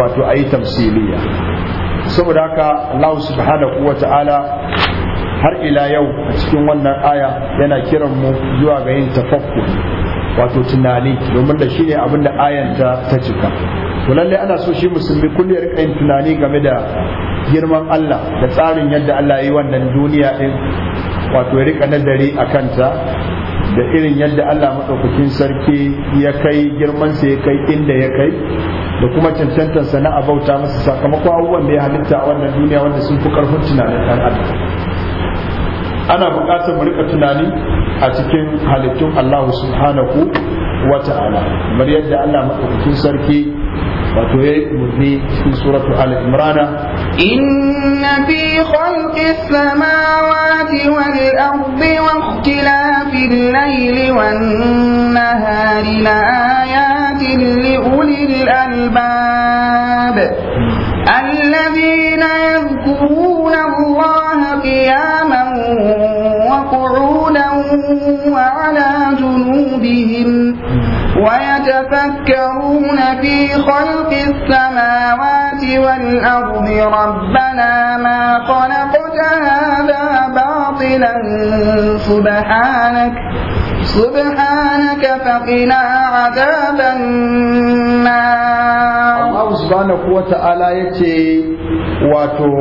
wato a yi tamsiliya saboda haka Allah subhanahu wa ta'ala har ila yau a cikin wannan aya yana kiran mu zuwa ga yin tafakkur wato tunani domin da shi ne abin da ayanta ta cika to lalle ana so shi musulmi kullum rika yin tunani game da girman Allah da tsarin yadda Allah ya yi wannan duniya din wato ya rika nazari a kanta da irin yadda Allah maɗaukakin sarki ya kai girman sa ya kai inda ya kai da kuma sa na abauta masa sakamakon abubuwan da ya halitta a wannan duniya wanda sun fi ƙarfin tunanin ɗan Allah ana buƙatar mu rika tunani a cikin halittun Allah subhanahu wa ta'ala kamar yadda Allah maɗaukakin sarki وتوي مذني في سورة آل عمران إن في خلق السماوات والأرض واختلاف الليل والنهار لآيات لأولي الألباب الذين يذكرون الله قياما وقعودا وعلى جنوبهم ويذكرون يتفكرون في خلق السماوات والأرض ربنا ما خلقت هذا باطلا سبحانك سبحانك فقنا عذاب النار الله سبحانه وتعالى يتي واتو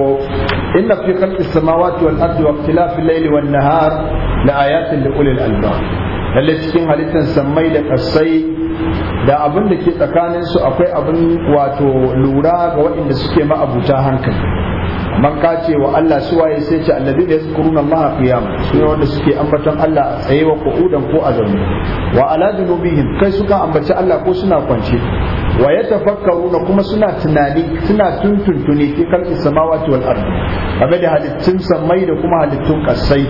إن في خلق السماوات والأرض واختلاف الليل والنهار لآيات لأولي الألباب lalle cikin halittar sammai da kasai da abin da ke su akwai abin wato lura ga waɗanda suke ma'abuta hankali man ce wa Allah su waye sai ce annabi da yaskuruna Allah qiyam su ne wanda suke ambaton Allah a tsaye wa qu'udan ko a wa ala dunubihim kai suka ambaci Allah ko suna kwance wa na kuma suna tunani suna tuntuntuni fi kalbi samawati wal ardi game da halittun samai da kuma halittun kasai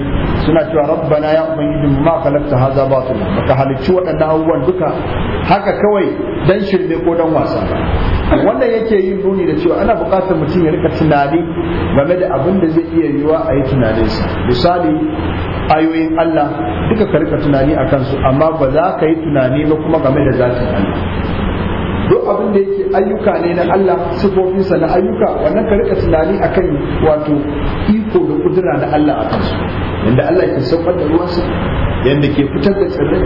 suna cewa rabbana ya ubangiji ma khalaqta hadha batil baka halicci waɗannan abubuwan duka haka kawai dan shirme ko dan wasa wanda yake yin nuni da cewa ana buƙatar mutum ya rika tunani game da abin da zai iya yiwa a yi tunaninsa misali ayoyin Allah duka ka rika tunani a kansu amma ba za ka yi tunani ba kuma game da zatin Allah duk abin da yake ayyuka ne na Allah sifofinsa na ayyuka wannan ka rika tunani akan wato iko da kudura na Allah a kansu inda Allah ke saukar da ruwansa yadda ke fitar da tsirrai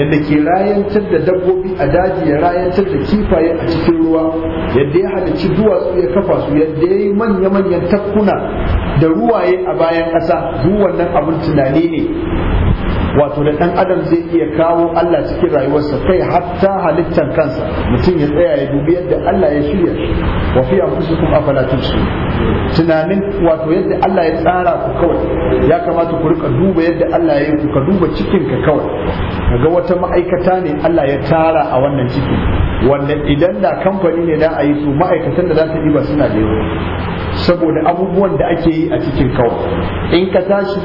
yadda ke rayantar da dabbobi a daji ya rayantar da kifaye a cikin ruwa yadda ya halarci duwatsu ya kafa su yadda ya yi manya-manyan tafkuna da ruwaye a bayan ƙasa duk wannan abin tunani ne wato da ɗan adam zai iya kawo Allah cikin rayuwarsa kai hatta halittar kansa mutum ya tsaya ya dubi yadda Allah ya shirya shi wa fi anfusikum afala tunanin wato yadda Allah ya tsara ku kawai ya kamata ku rika duba yadda Allah ya yi ku ka duba cikin ka kawai kaga wata ma'aikata ne Allah ya tara a wannan ciki wannan idan da kamfani ne da ayi yi su ma'aikatan da za su ɗiba suna da yawa saboda abubuwan da ake yi a cikin kawai in ka tashi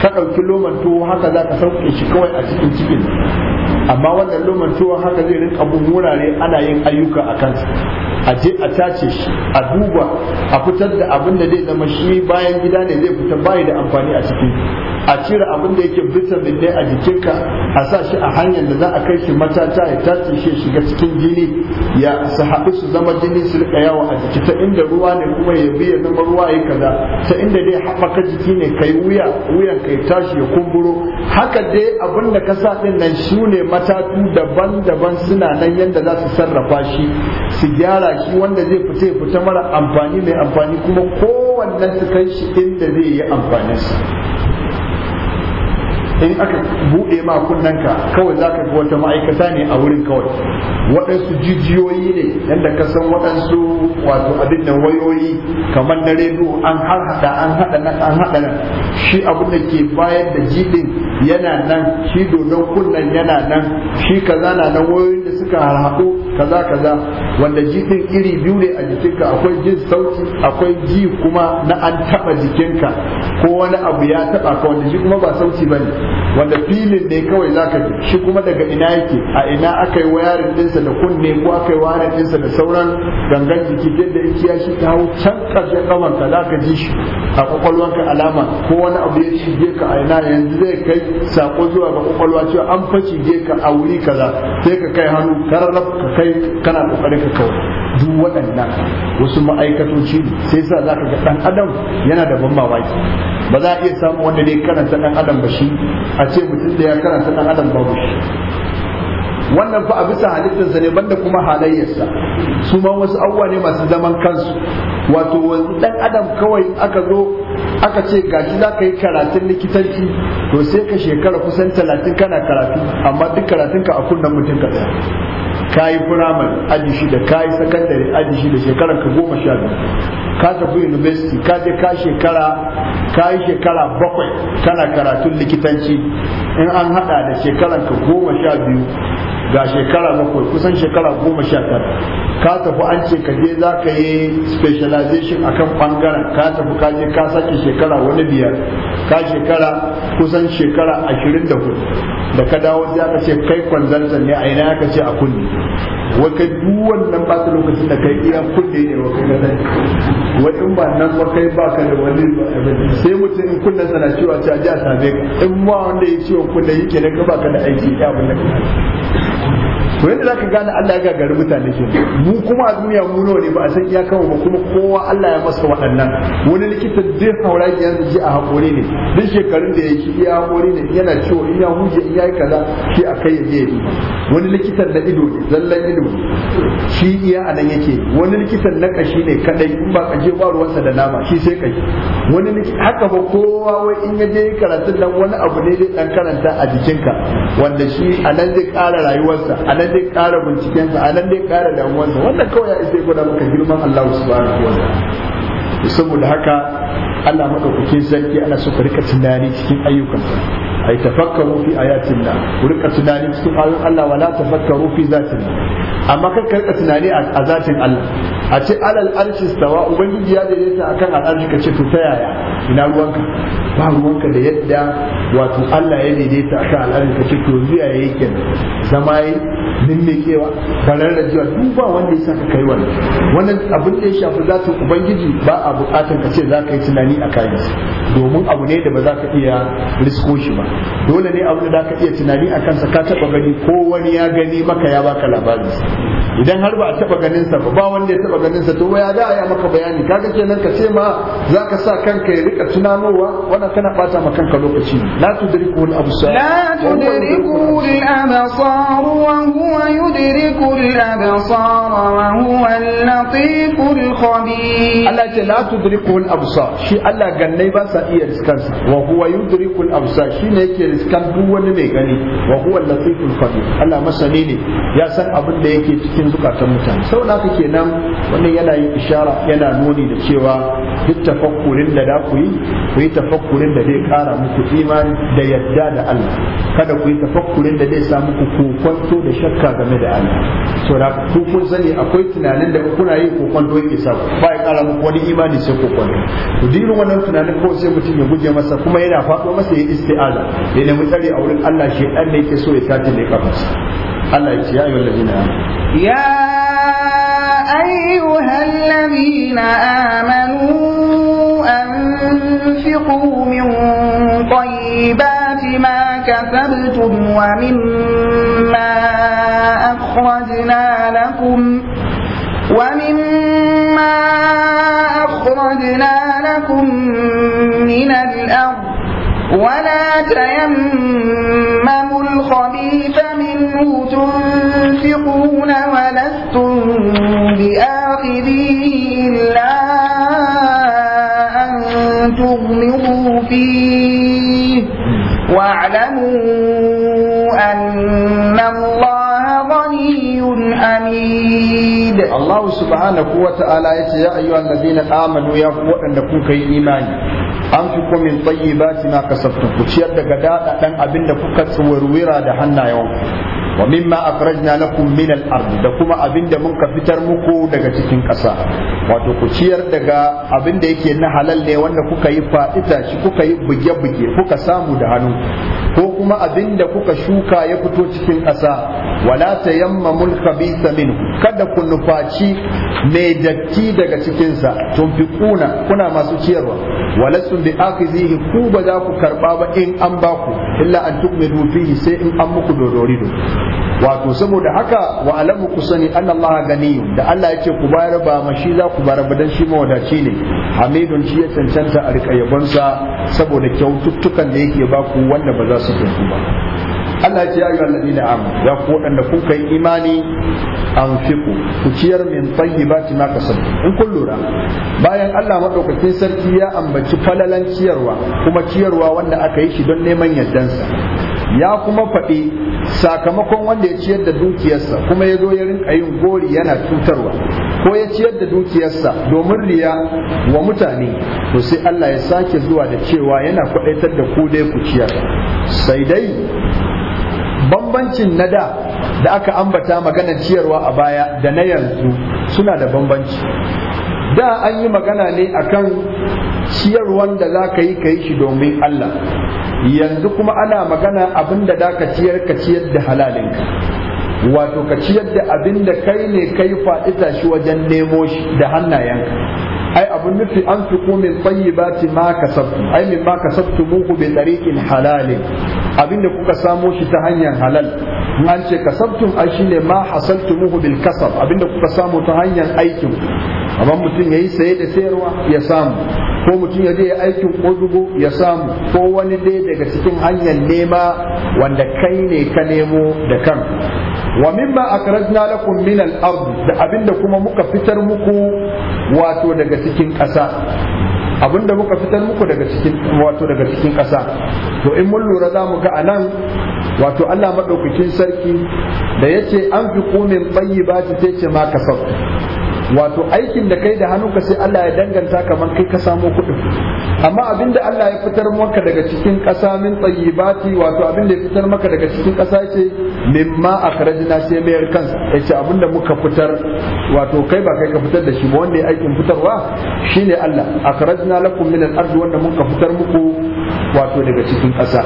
ka ɗauki loman tuwo haka za ka sauke shi kawai a cikin cikin amma wannan loman tuwo haka zai rinka bin wurare ana yin ayyuka a kansa a je a tace shi a duba a fitar da abin da zai zama shi bayan gida ne zai fita bayi da amfani a cikin. a cire abin da yake vitamin ne a jikinka a sa shi a hanyar da za a kai shi matata ya tace shi shiga cikin jini ya su haɗu su zama jini su rika yawa a jiki ta inda ruwa ne kuma ya biya zama ruwa ya kaza ta inda dai haɓaka jiki ne kai wuya wuyan kai tashi ya kumburo haka dai abin da ka sa ɗin nan su ne matatu daban-daban suna nan yadda za su sarrafa shi su gyara shi wanda zai fita ya fita mara amfani mai amfani kuma kowannen su kai shi inda zai yi su. in aka buɗe ma kunnanka kawai za ka wata ma'aikata ne a wurin kawai waɗansu jijiyoyi ne yadda ka san waɗansu wato abin da wayoyi kamar na rediyo an harhaɗa an haɗa nan an haɗa nan shi abin da ke bayar da jiɗin yana nan shi dodon kunnan yana nan shi kaza na nan wayoyin da suka harhaɗu kaza kaza wanda jiɗin iri biyu ne a jikinka akwai jin sauti akwai ji kuma na an taɓa jikinka ko wani abu ya taɓa ka wanda shi kuma ba sauti ba ne wanda filin ne kawai zaka shi kuma daga ina yake a ina aka yi wayarin dinsa da kunne ko aka yi wayarin dinsa da sauran gangan jiki yadda ya shi ta hau can kaman ka zaka ji shi a kwakwalwanka alama ko wani abu ya shige ka a ina yanzu zai kai sako zuwa ga kwakwalwa cewa an fashi ka a wuri kaza sai ka kai hannu kararraf ka kai kana kokarin ka kawai duk waɗannan wasu ma'aikatoci sai sa za ka ga ɗan adam yana da ban mamaki ba za a iya samu wanda ne karanta ɗan adam ba shi a ce mutum da ya karanta ɗan adam ba shi wannan fa a bisa halittarsa ne banda kuma halayyarsa su ma wasu abubuwa ne masu zaman kansu wato wani ɗan adam kawai aka zo aka ce gashi za ka yi karatun likitanci to sai ka shekara kusan talatin kana karatu amma duk karatunka a kunnen mutum ka kayi firamare aji shida kayi sakandare aji shida shekarar ka goma sha biyu ka tafi university ka je ka shekara kayi shekara bakwai kana karatun likitanci in an hada da shekarar ka goma sha biyu ga shekara bakwai kusan shekara goma sha tara ka tafi an ce ka je za ka yi specialization akan bangaren ka tafi ka je ka sake shekara wani biyar ka shekara kusan shekara ashirin da hudu da ka dawo sai aka ce kai consultant ne a ina ya kace a kunne wakai kai duk wannan ba ta lokacin da kai iya kunne ne wa kai gadan wai ba nan ba kai ba ka da wani sai mutum in kunnen sana cewa ce a ji a same ka in ma wanda ya ciwon kunne yake ne ka ba ka da aiki ya abin da to yadda zaka gane Allah ya gagari mutane ke mu kuma a duniya mu ne ba a san iya kama ba kuma kowa Allah ya masa waɗannan wani likita zai haura ki yanzu ji a hakori ne duk shekarun da yake iya hakori ne yana ciwo iya huje iya kaza shi a kai yaje wani likitan na ido ne zallan ido shi iya anan yake wani likitan na kashi ne kadai in ba je ba ruwansa da nama shi sai yi. wani haka ba kowa wai in yaje karatun nan wani abu ne zai dan karanta a jikinka wanda shi anan zai ƙara rayuwarsa nan dai ƙara bincikensa a nan dai ƙara damuwarsa wannan kawai ya isa gwada maka girman Allah subhanahu wa ta'ala saboda haka Allah maka kuke sarki ana so ka rika tunani cikin ayyukansa ay tafakkaru fi ayatin na ku rika tunani cikin ayoyin Allah wala tafakkaru fi zatin amma kan ka rika tunani a zatin Allah a ce alal arshi stawa ubangiji ya daidaita akan al'arshi ka ce to ta yaya ina ruwanka ba ruwanka da yadda wato Allah ya daidaita akan al'arshi ka ce to zuya yake zama yi mimmekewa barar da jiwa duk ba wanda ya saka kai wannan wannan abin da ya shafi zatin ubangiji ba a bukatun ka ce za ka yi tunani a kayan domin abu ne da ba za ka iya riskoshi ba dole ne abu da ka iya tunani a kansa ka taba gani ko wani ya gani maka ya baka labarin idan har ba a taba ganin sa ba ba wanda ya taba ganin sa to ya ga ya maka bayani kaga kenan ka ce ma zaka sa kanka ya rika tunanowa wannan kana bata ma kanka lokaci la tudriku al absar la tudriku al absar wa huwa yudriku al absar wa huwa al latif al khabir Allah ce la tudriku al absar shi Allah gannai ba sa iya riskansa wa huwa yudriku al absar shine yake riskan duk wani mai gani wa huwa latiful khabir Allah masani ne ya san abin da yake cikin zukatan mutane sau kake kenan wannan yana yin ishara yana nuni da cewa duk tafakkurin da da ku yi ku yi tafakkurin da zai kara muku imani da yadda da Allah kada ku yi tafakkurin da zai sa muku kokonto da shakka game da Allah so da ku kun sani akwai tunanin da kuna yi kokonto yake sa ba ya kara muku wani imani sai kokonto to dirin wannan tunanin ko sai mutum ya guje masa kuma yana faɗo masa ya isti'aza ya nemi tsari a wurin Allah shi dan ne yake so ya tace ne kafarsa Allah ya ce ya ayyuhal ladina ya ayyuhal ladina amanu anfiqu min tayyibati ma kasabtum كسبتم ومما أخرجنا لكم ومما أخرجنا لكم من الأرض ولا تيمموا الخبيث منه تنفقون ولستم بآخذيه إلا أن تغمضوا فيه واعلموا Allah subhanahu wa ta'ala ya ce ya ayyuha allazina amanu ya ku wadanda kuka yi imani an fi ku min tayyibati ma kasabtum ku ciyar daga dada dan abin da kuka tsuwarwira da hannayen wa mimma akhrajna lakum min al-ard da kuma abinda mun ka fitar muku daga cikin ƙasa wato ku ciyar daga abinda yake na halal ne wanda kuka yi fadita shi kuka yi buge-buge kuka samu da hannu ko kuma abinda kuka shuka ya fito cikin ƙasa wala tayammamul khabitha minhu kada ku nufaci mai datti daga cikin sa tunfiquna kuna masu ciyarwa walastu aka akhizihi ku ba za ku karba ba in an ba ku illa an tukmilu fihi sai in an muku dodori do wato saboda haka wa alamu ku sani annallaha ganiyun da Allah ya ce ku bayar ba shi za ku bayar ba dan shi mawadaci ne hamidun shi ya cancanta a rika yabonsa saboda kyaututtukan da yake ba ku wanda ba za su tuntu ba Allah ce ya yi wallabi da amu ya ku waɗanda kuka yi imani an fiku ku ciyar min tsayi ba ma kasar in kun lura bayan Allah maɗaukakin sarki ya ambaci falalan ciyarwa kuma ciyarwa wanda aka yi shi don neman yardansa ya kuma faɗi sakamakon wanda ya ciyar da dukiyarsa kuma ya zo ya rinka yin gori yana cutarwa ko ya ciyar da dukiyarsa domin riya wa mutane to sai Allah ya sake zuwa da cewa yana kwaɗaitar da ku dai ku ciyar sai dai bambancin na da da aka ambata maganar ciyarwa a baya da na yanzu suna da bambanci da an yi magana ne akan ciyarwan da za ka yi ka yi shi domin Allah yanzu kuma ana magana abin da za ka ciyar ka ciyar da halalinka wato ka ciyar da abin da kai ne ka yi faɗi shi wajen nemo shi da hannayenka ai abun nufi an fi min tayyibati ma kasabtum ai min ma muku bi tariqin halalin abinda kuka samo shi ta hanyar halal in an ce kasabtun ai shine ma hasaltumuhu bil kasab abinda kuka samu ta hanyar aikin amma mutum yayi saye da sayarwa ya samu ko mutum ya je ya aikin kodugo ya samu ko wani dai daga cikin hanyar nema wanda kai ne ka nemo da kan wa mimma akhrajna lakum min al-ard da abinda kuma muka fitar muku wato daga cikin ƙasa da muka fitar muku daga cikin wato daga cikin ƙasa to in mun lura za mu ga nan wato Allah madaukakin sarki da yace an fi komin bayyi ba ta ce ma kasab wato aikin da kai da hannunka sai Allah ya danganta kamar kai ka samo kuɗin amma abinda Allah ya fitar maka daga cikin ƙasa min tsayibati wato abinda ya fitar maka daga cikin ƙasa ce mimma karajina sai mayar kansa yace abinda muka fitar wato kai ba kai ka fitar da shi ba wanda ya aikin fitarwa shine Allah karajina lakum min al wanda muka fitar muku wato daga cikin ƙasa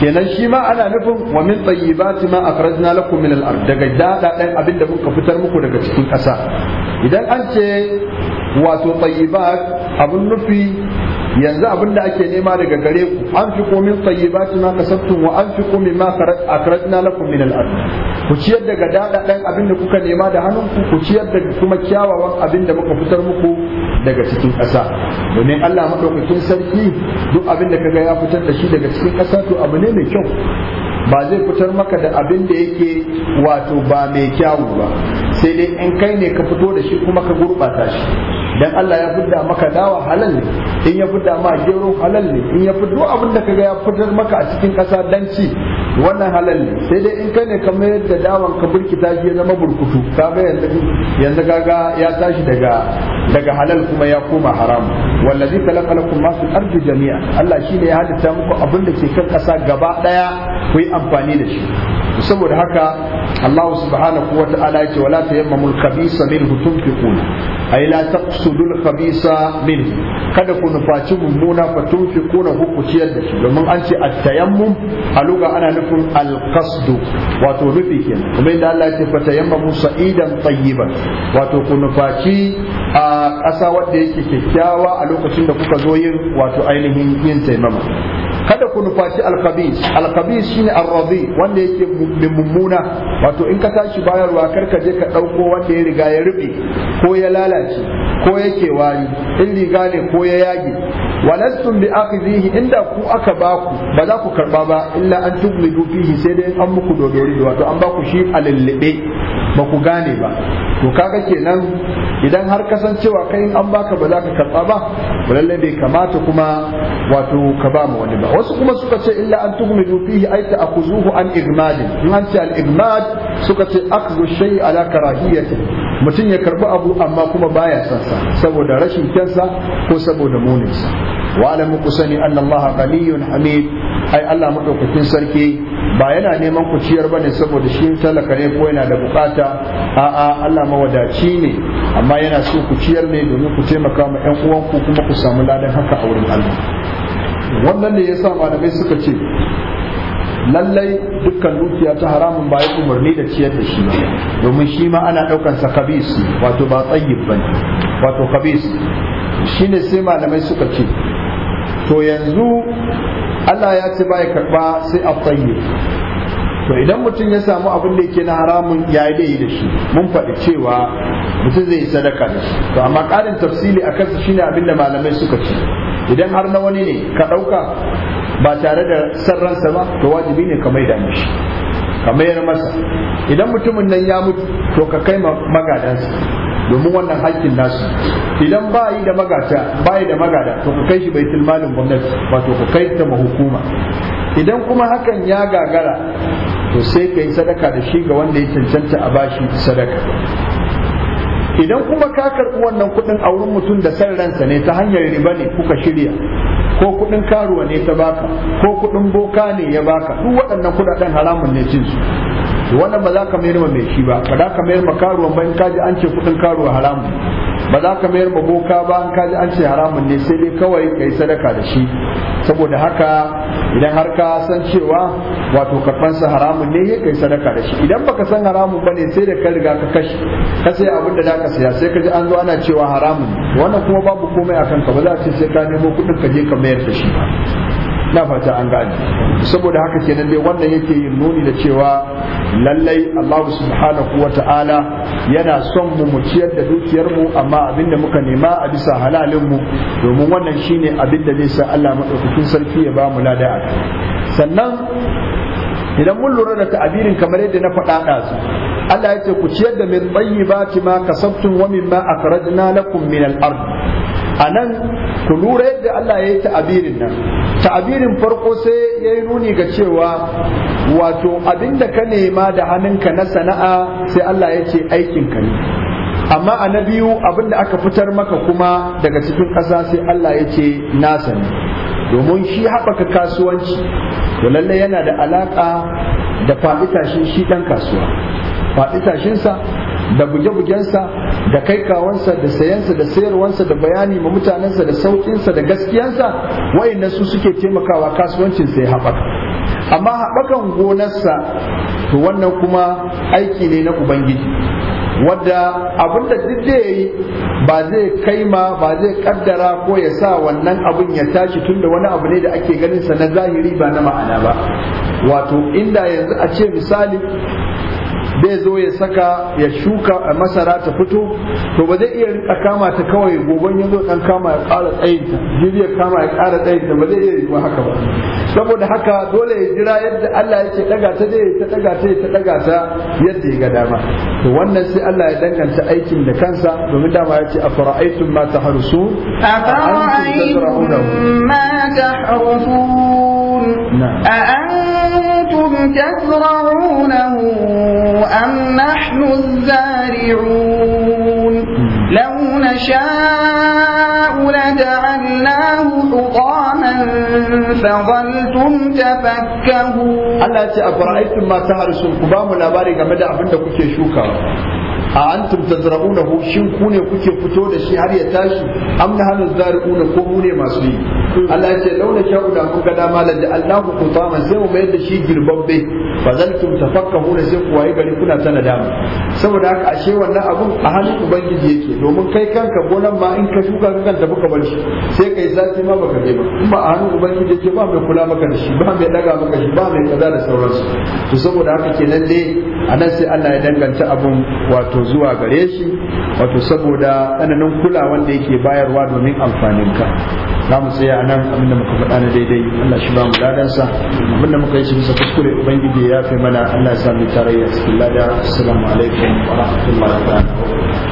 kenan shi ma ana nufin wa min tayyibati ma akhrajna lakum min al-ard daga dadadan abin da muka fitar muku daga cikin ƙasa idan an ce wato tayyibat abun nufi yanzu abin da ake nema daga gare ku an fi komin tayyibati ma kasabtum wa an fi komin ma akhrajna lakum min al-ard ku ciyar daga dadadan abin da kuka nema da hannunku ku ciyar da kuma kyawawan abin da muka fitar muku daga cikin ƙasa domin Allah maɗaukakin sarki duk abin da kaga ya fitar da shi daga cikin ƙasa to abu ne mai kyau ba zai fitar maka da abin da yake wato ba mai kyawu ba sai dai in kai ne ka fito da shi kuma ka gurɓata shi dan Allah ya fidda maka dawa halal ne in ya fidda ma gero halal ne in ya fiddo abin da kaga ya fitar maka a cikin ƙasa dan ci wannan halal sai dai in ka ne ka mayar da dawan ka burkita shi ya zama burkutu ka ga yanzu kaga ya tashi daga halal kuma ya koma haram wallazi khalaqa lakum ma fil ardi jami'a Allah shine ya halitta muku abin da ke kan kasa gaba daya ku yi amfani da shi saboda haka Allah subhanahu wa ta'ala yake wala tayammamul khabisa minhu tunfiqun ay la taqsudul khabisa min kada ku nufaci mummuna fa tunfiquna ku kuciyar da shi domin an ce at-tayammum a luga ana nufin al-qasd wato nufi kenan kuma inda Allah yake fa tayammamu sa'idan tayyiban wato ku nufaci a ƙasa wadda yake kyakkyawa a lokacin da kuka zo yin wato ainihin yin taimama kada ku nufaci alkhabis alkhabis shine arradi wanda yake mummuna wato in ka tashi bayarwa kar ka je ka dauko wanda ya riga ya riɓe. ko ya lalace ko yake wari in riga ne ko ya yage walastum bi akhidhihi inda ku aka baku ba za ku karba ba illa an tublidu fihi sai dai an muku dodori wato an baku shi a ba ku gane ba to kaga kenan idan har kasancewa kai an baka ba za ka karba ba lalle bai kamata kuma wato ka ba mu wani ba wasu kuma suka ce illa an tugmidu fihi ay ta'khuzuhu an igmadin in an ce al igmad suka ce akhdhu shay ala karahiyati mutum ya karbi abu amma kuma baya son sa saboda rashin kyansa ko saboda muninsa wa alamu kusani anna allaha ghaniyyun hamid ai allah madaukakin sarki ba yana neman ku ciyar ba ne saboda shi talaka ne ko yana da bukata a'a Allah mawadaci ne amma yana so ku ciyar ne domin ku taimaka ma ƴan uwanku kuma ku samu ladan haka a wurin Allah wannan ne yasa malamai suka ce lallai dukkan dukiya ta haramun ba yi umarni da ciyar da shi ba domin shi ma ana ɗaukan sa kabis wato ba tsayyib bane wato kabis shine sai malamai suka ce to yanzu Allah ya ce ya karɓa sai a fayye to idan mutum ya samu abin da yake na haramun ya yi dai da shi mun faɗi cewa mutum zai sadaka da shi to amma ƙarin tafsili a kansa shine abin da malamai suka ce idan har na wani ne ka ɗauka ba tare da sarransa ba to wajibi ne ka maida mishi kamar mayar masa idan mutumin nan ya mutu to ka kai magadansa domin wannan hakkin nasu idan ba yi da magata ba yi da magada to ka kai shi bai tilmalin gwamnati wato ka kai ta mahukuma idan kuma hakan ya gagara to sai ka yi sadaka da shi ga wanda ya cancanta a bashi sadaka idan kuma ka karɓi wannan kuɗin a wurin mutum da san ransa ne ta hanyar riba ne kuka shirya ko kuɗin karuwa ne ta baka ko kuɗin boka ne ya baka duk waɗannan kuɗaɗen haramun ne cin su wannan ba za ka mayar mai shi ba ba za ka mayar ma karuwan ba in ka an ce kuɗin karuwa haramun ba za ka mayar ma boka ba an kaji an ce haramun ne sai dai kawai ka yi sadaka da shi saboda haka idan har ka san cewa wato karban sa haramun ne sai yi sadaka da shi idan baka san haramun ba ne sai da ka riga ka kashe ka sai abin da zaka saya sai ka ji an zo ana cewa haramun wannan kuma babu komai akan ka ba za a ce sai ka nemo kuɗin ka je ka mayar da shi na fata an gane saboda haka kenan dai wannan yake yin nuni da cewa lallai Allah subhanahu wa ta'ala yana son mu mu ciyar da dukiyar mu amma abinda muka nema a bisa halalin mu domin wannan shine abin da zai sa Allah madaukakin sarki ya ba mu lada sannan idan mun lura da ta'abirin kamar yadda na faɗa ɗazu Allah ya ce ku ciyar da min tayyibati ma kasabtum wa mimma akhrajna lakum min al-ard anan ku lura yadda Allah ya yi ta'abirin nan ta'abirin farko sai ya yi nuni ga cewa wato abinda ka nema da hannunka na sana'a sai Allah ya ce ka ne amma a na biyu abin da aka fitar maka kuma daga cikin ƙasa sai Allah ya ce nasa ne domin shi haɓaka kasuwanci to lallai yana da alaƙa da faɗi tashin shi ɗan kasuwa faɗi tashinsa da buge-bugensa da kai kawansa da sayansa da sayarwansa da bayani ma mutanensa da saukinsa da gaskiyansa wayannan su suke taimakawa kasuwancin sai haɓaka amma haɓakan gonarsa to wannan kuma aiki ne na ubangiji wadda abin da duk da yayi ba zai kaima ba zai kaddara ko ya sa wannan abun ya tashi tunda wani abu ne da ake ganin sa na zahiri ba na ma'ana ba wato inda yanzu a ce misali zai zo ya saka ya shuka a masara ta fito to ba zai iya rika kama ta kawai goban ya dan kama ya kara tsayinta jibi ya kama ya kara tsayinta ba zai iya yi haka ba saboda haka dole ya jira yadda Allah yake daga ta zai ta daga ta ta daga ta yadda ya ga dama to wannan sai Allah ya danganta aikin da kansa domin dama ya ce afara'aytum ma tahrusun afara'aytum ma tahrusun na'am تزرعونه أم نحن الزارعون لو نشاء لجعلناه حطاما فظلتم تفكهون الله أفرأيتم ما تهرسون قبام الأباري قمد أبنك كي شوكا a antum tazra'unahu shin ku ne kuke fito da shi har ya tashi am nahnu zari'una ko mu ne masu yi Allah ya ce launa sha da ku ga dama da Allah ku kutama sai mu mayar da shi girbabbe fa zaltum la sai ku waye gari kuna sana dama saboda haka ashe wannan abu a hannun ubangiji yake domin kai kanka gonan ma in ka shuka ka kanta buka bar shi sai kai sati ma baka je ba ba a hannun ubangiji yake ba mai kula maka da shi ba mai daga maka shi ba mai kaza da sauransu to saboda haka kenan dai anan sai Allah ya danganta abun wato wato zuwa gare shi wato saboda tsananin kula wanda yake bayarwa domin amfaninka za mu tsaya a nan abinda muka faɗa na daidai Allah shi ba mu ladansa abinda muka yi shi bisa kuskure ubangiji ya fi mana Allah ya sa mu tarayya cikin lada assalamu alaikum wa rahmatullahi wa barakatuh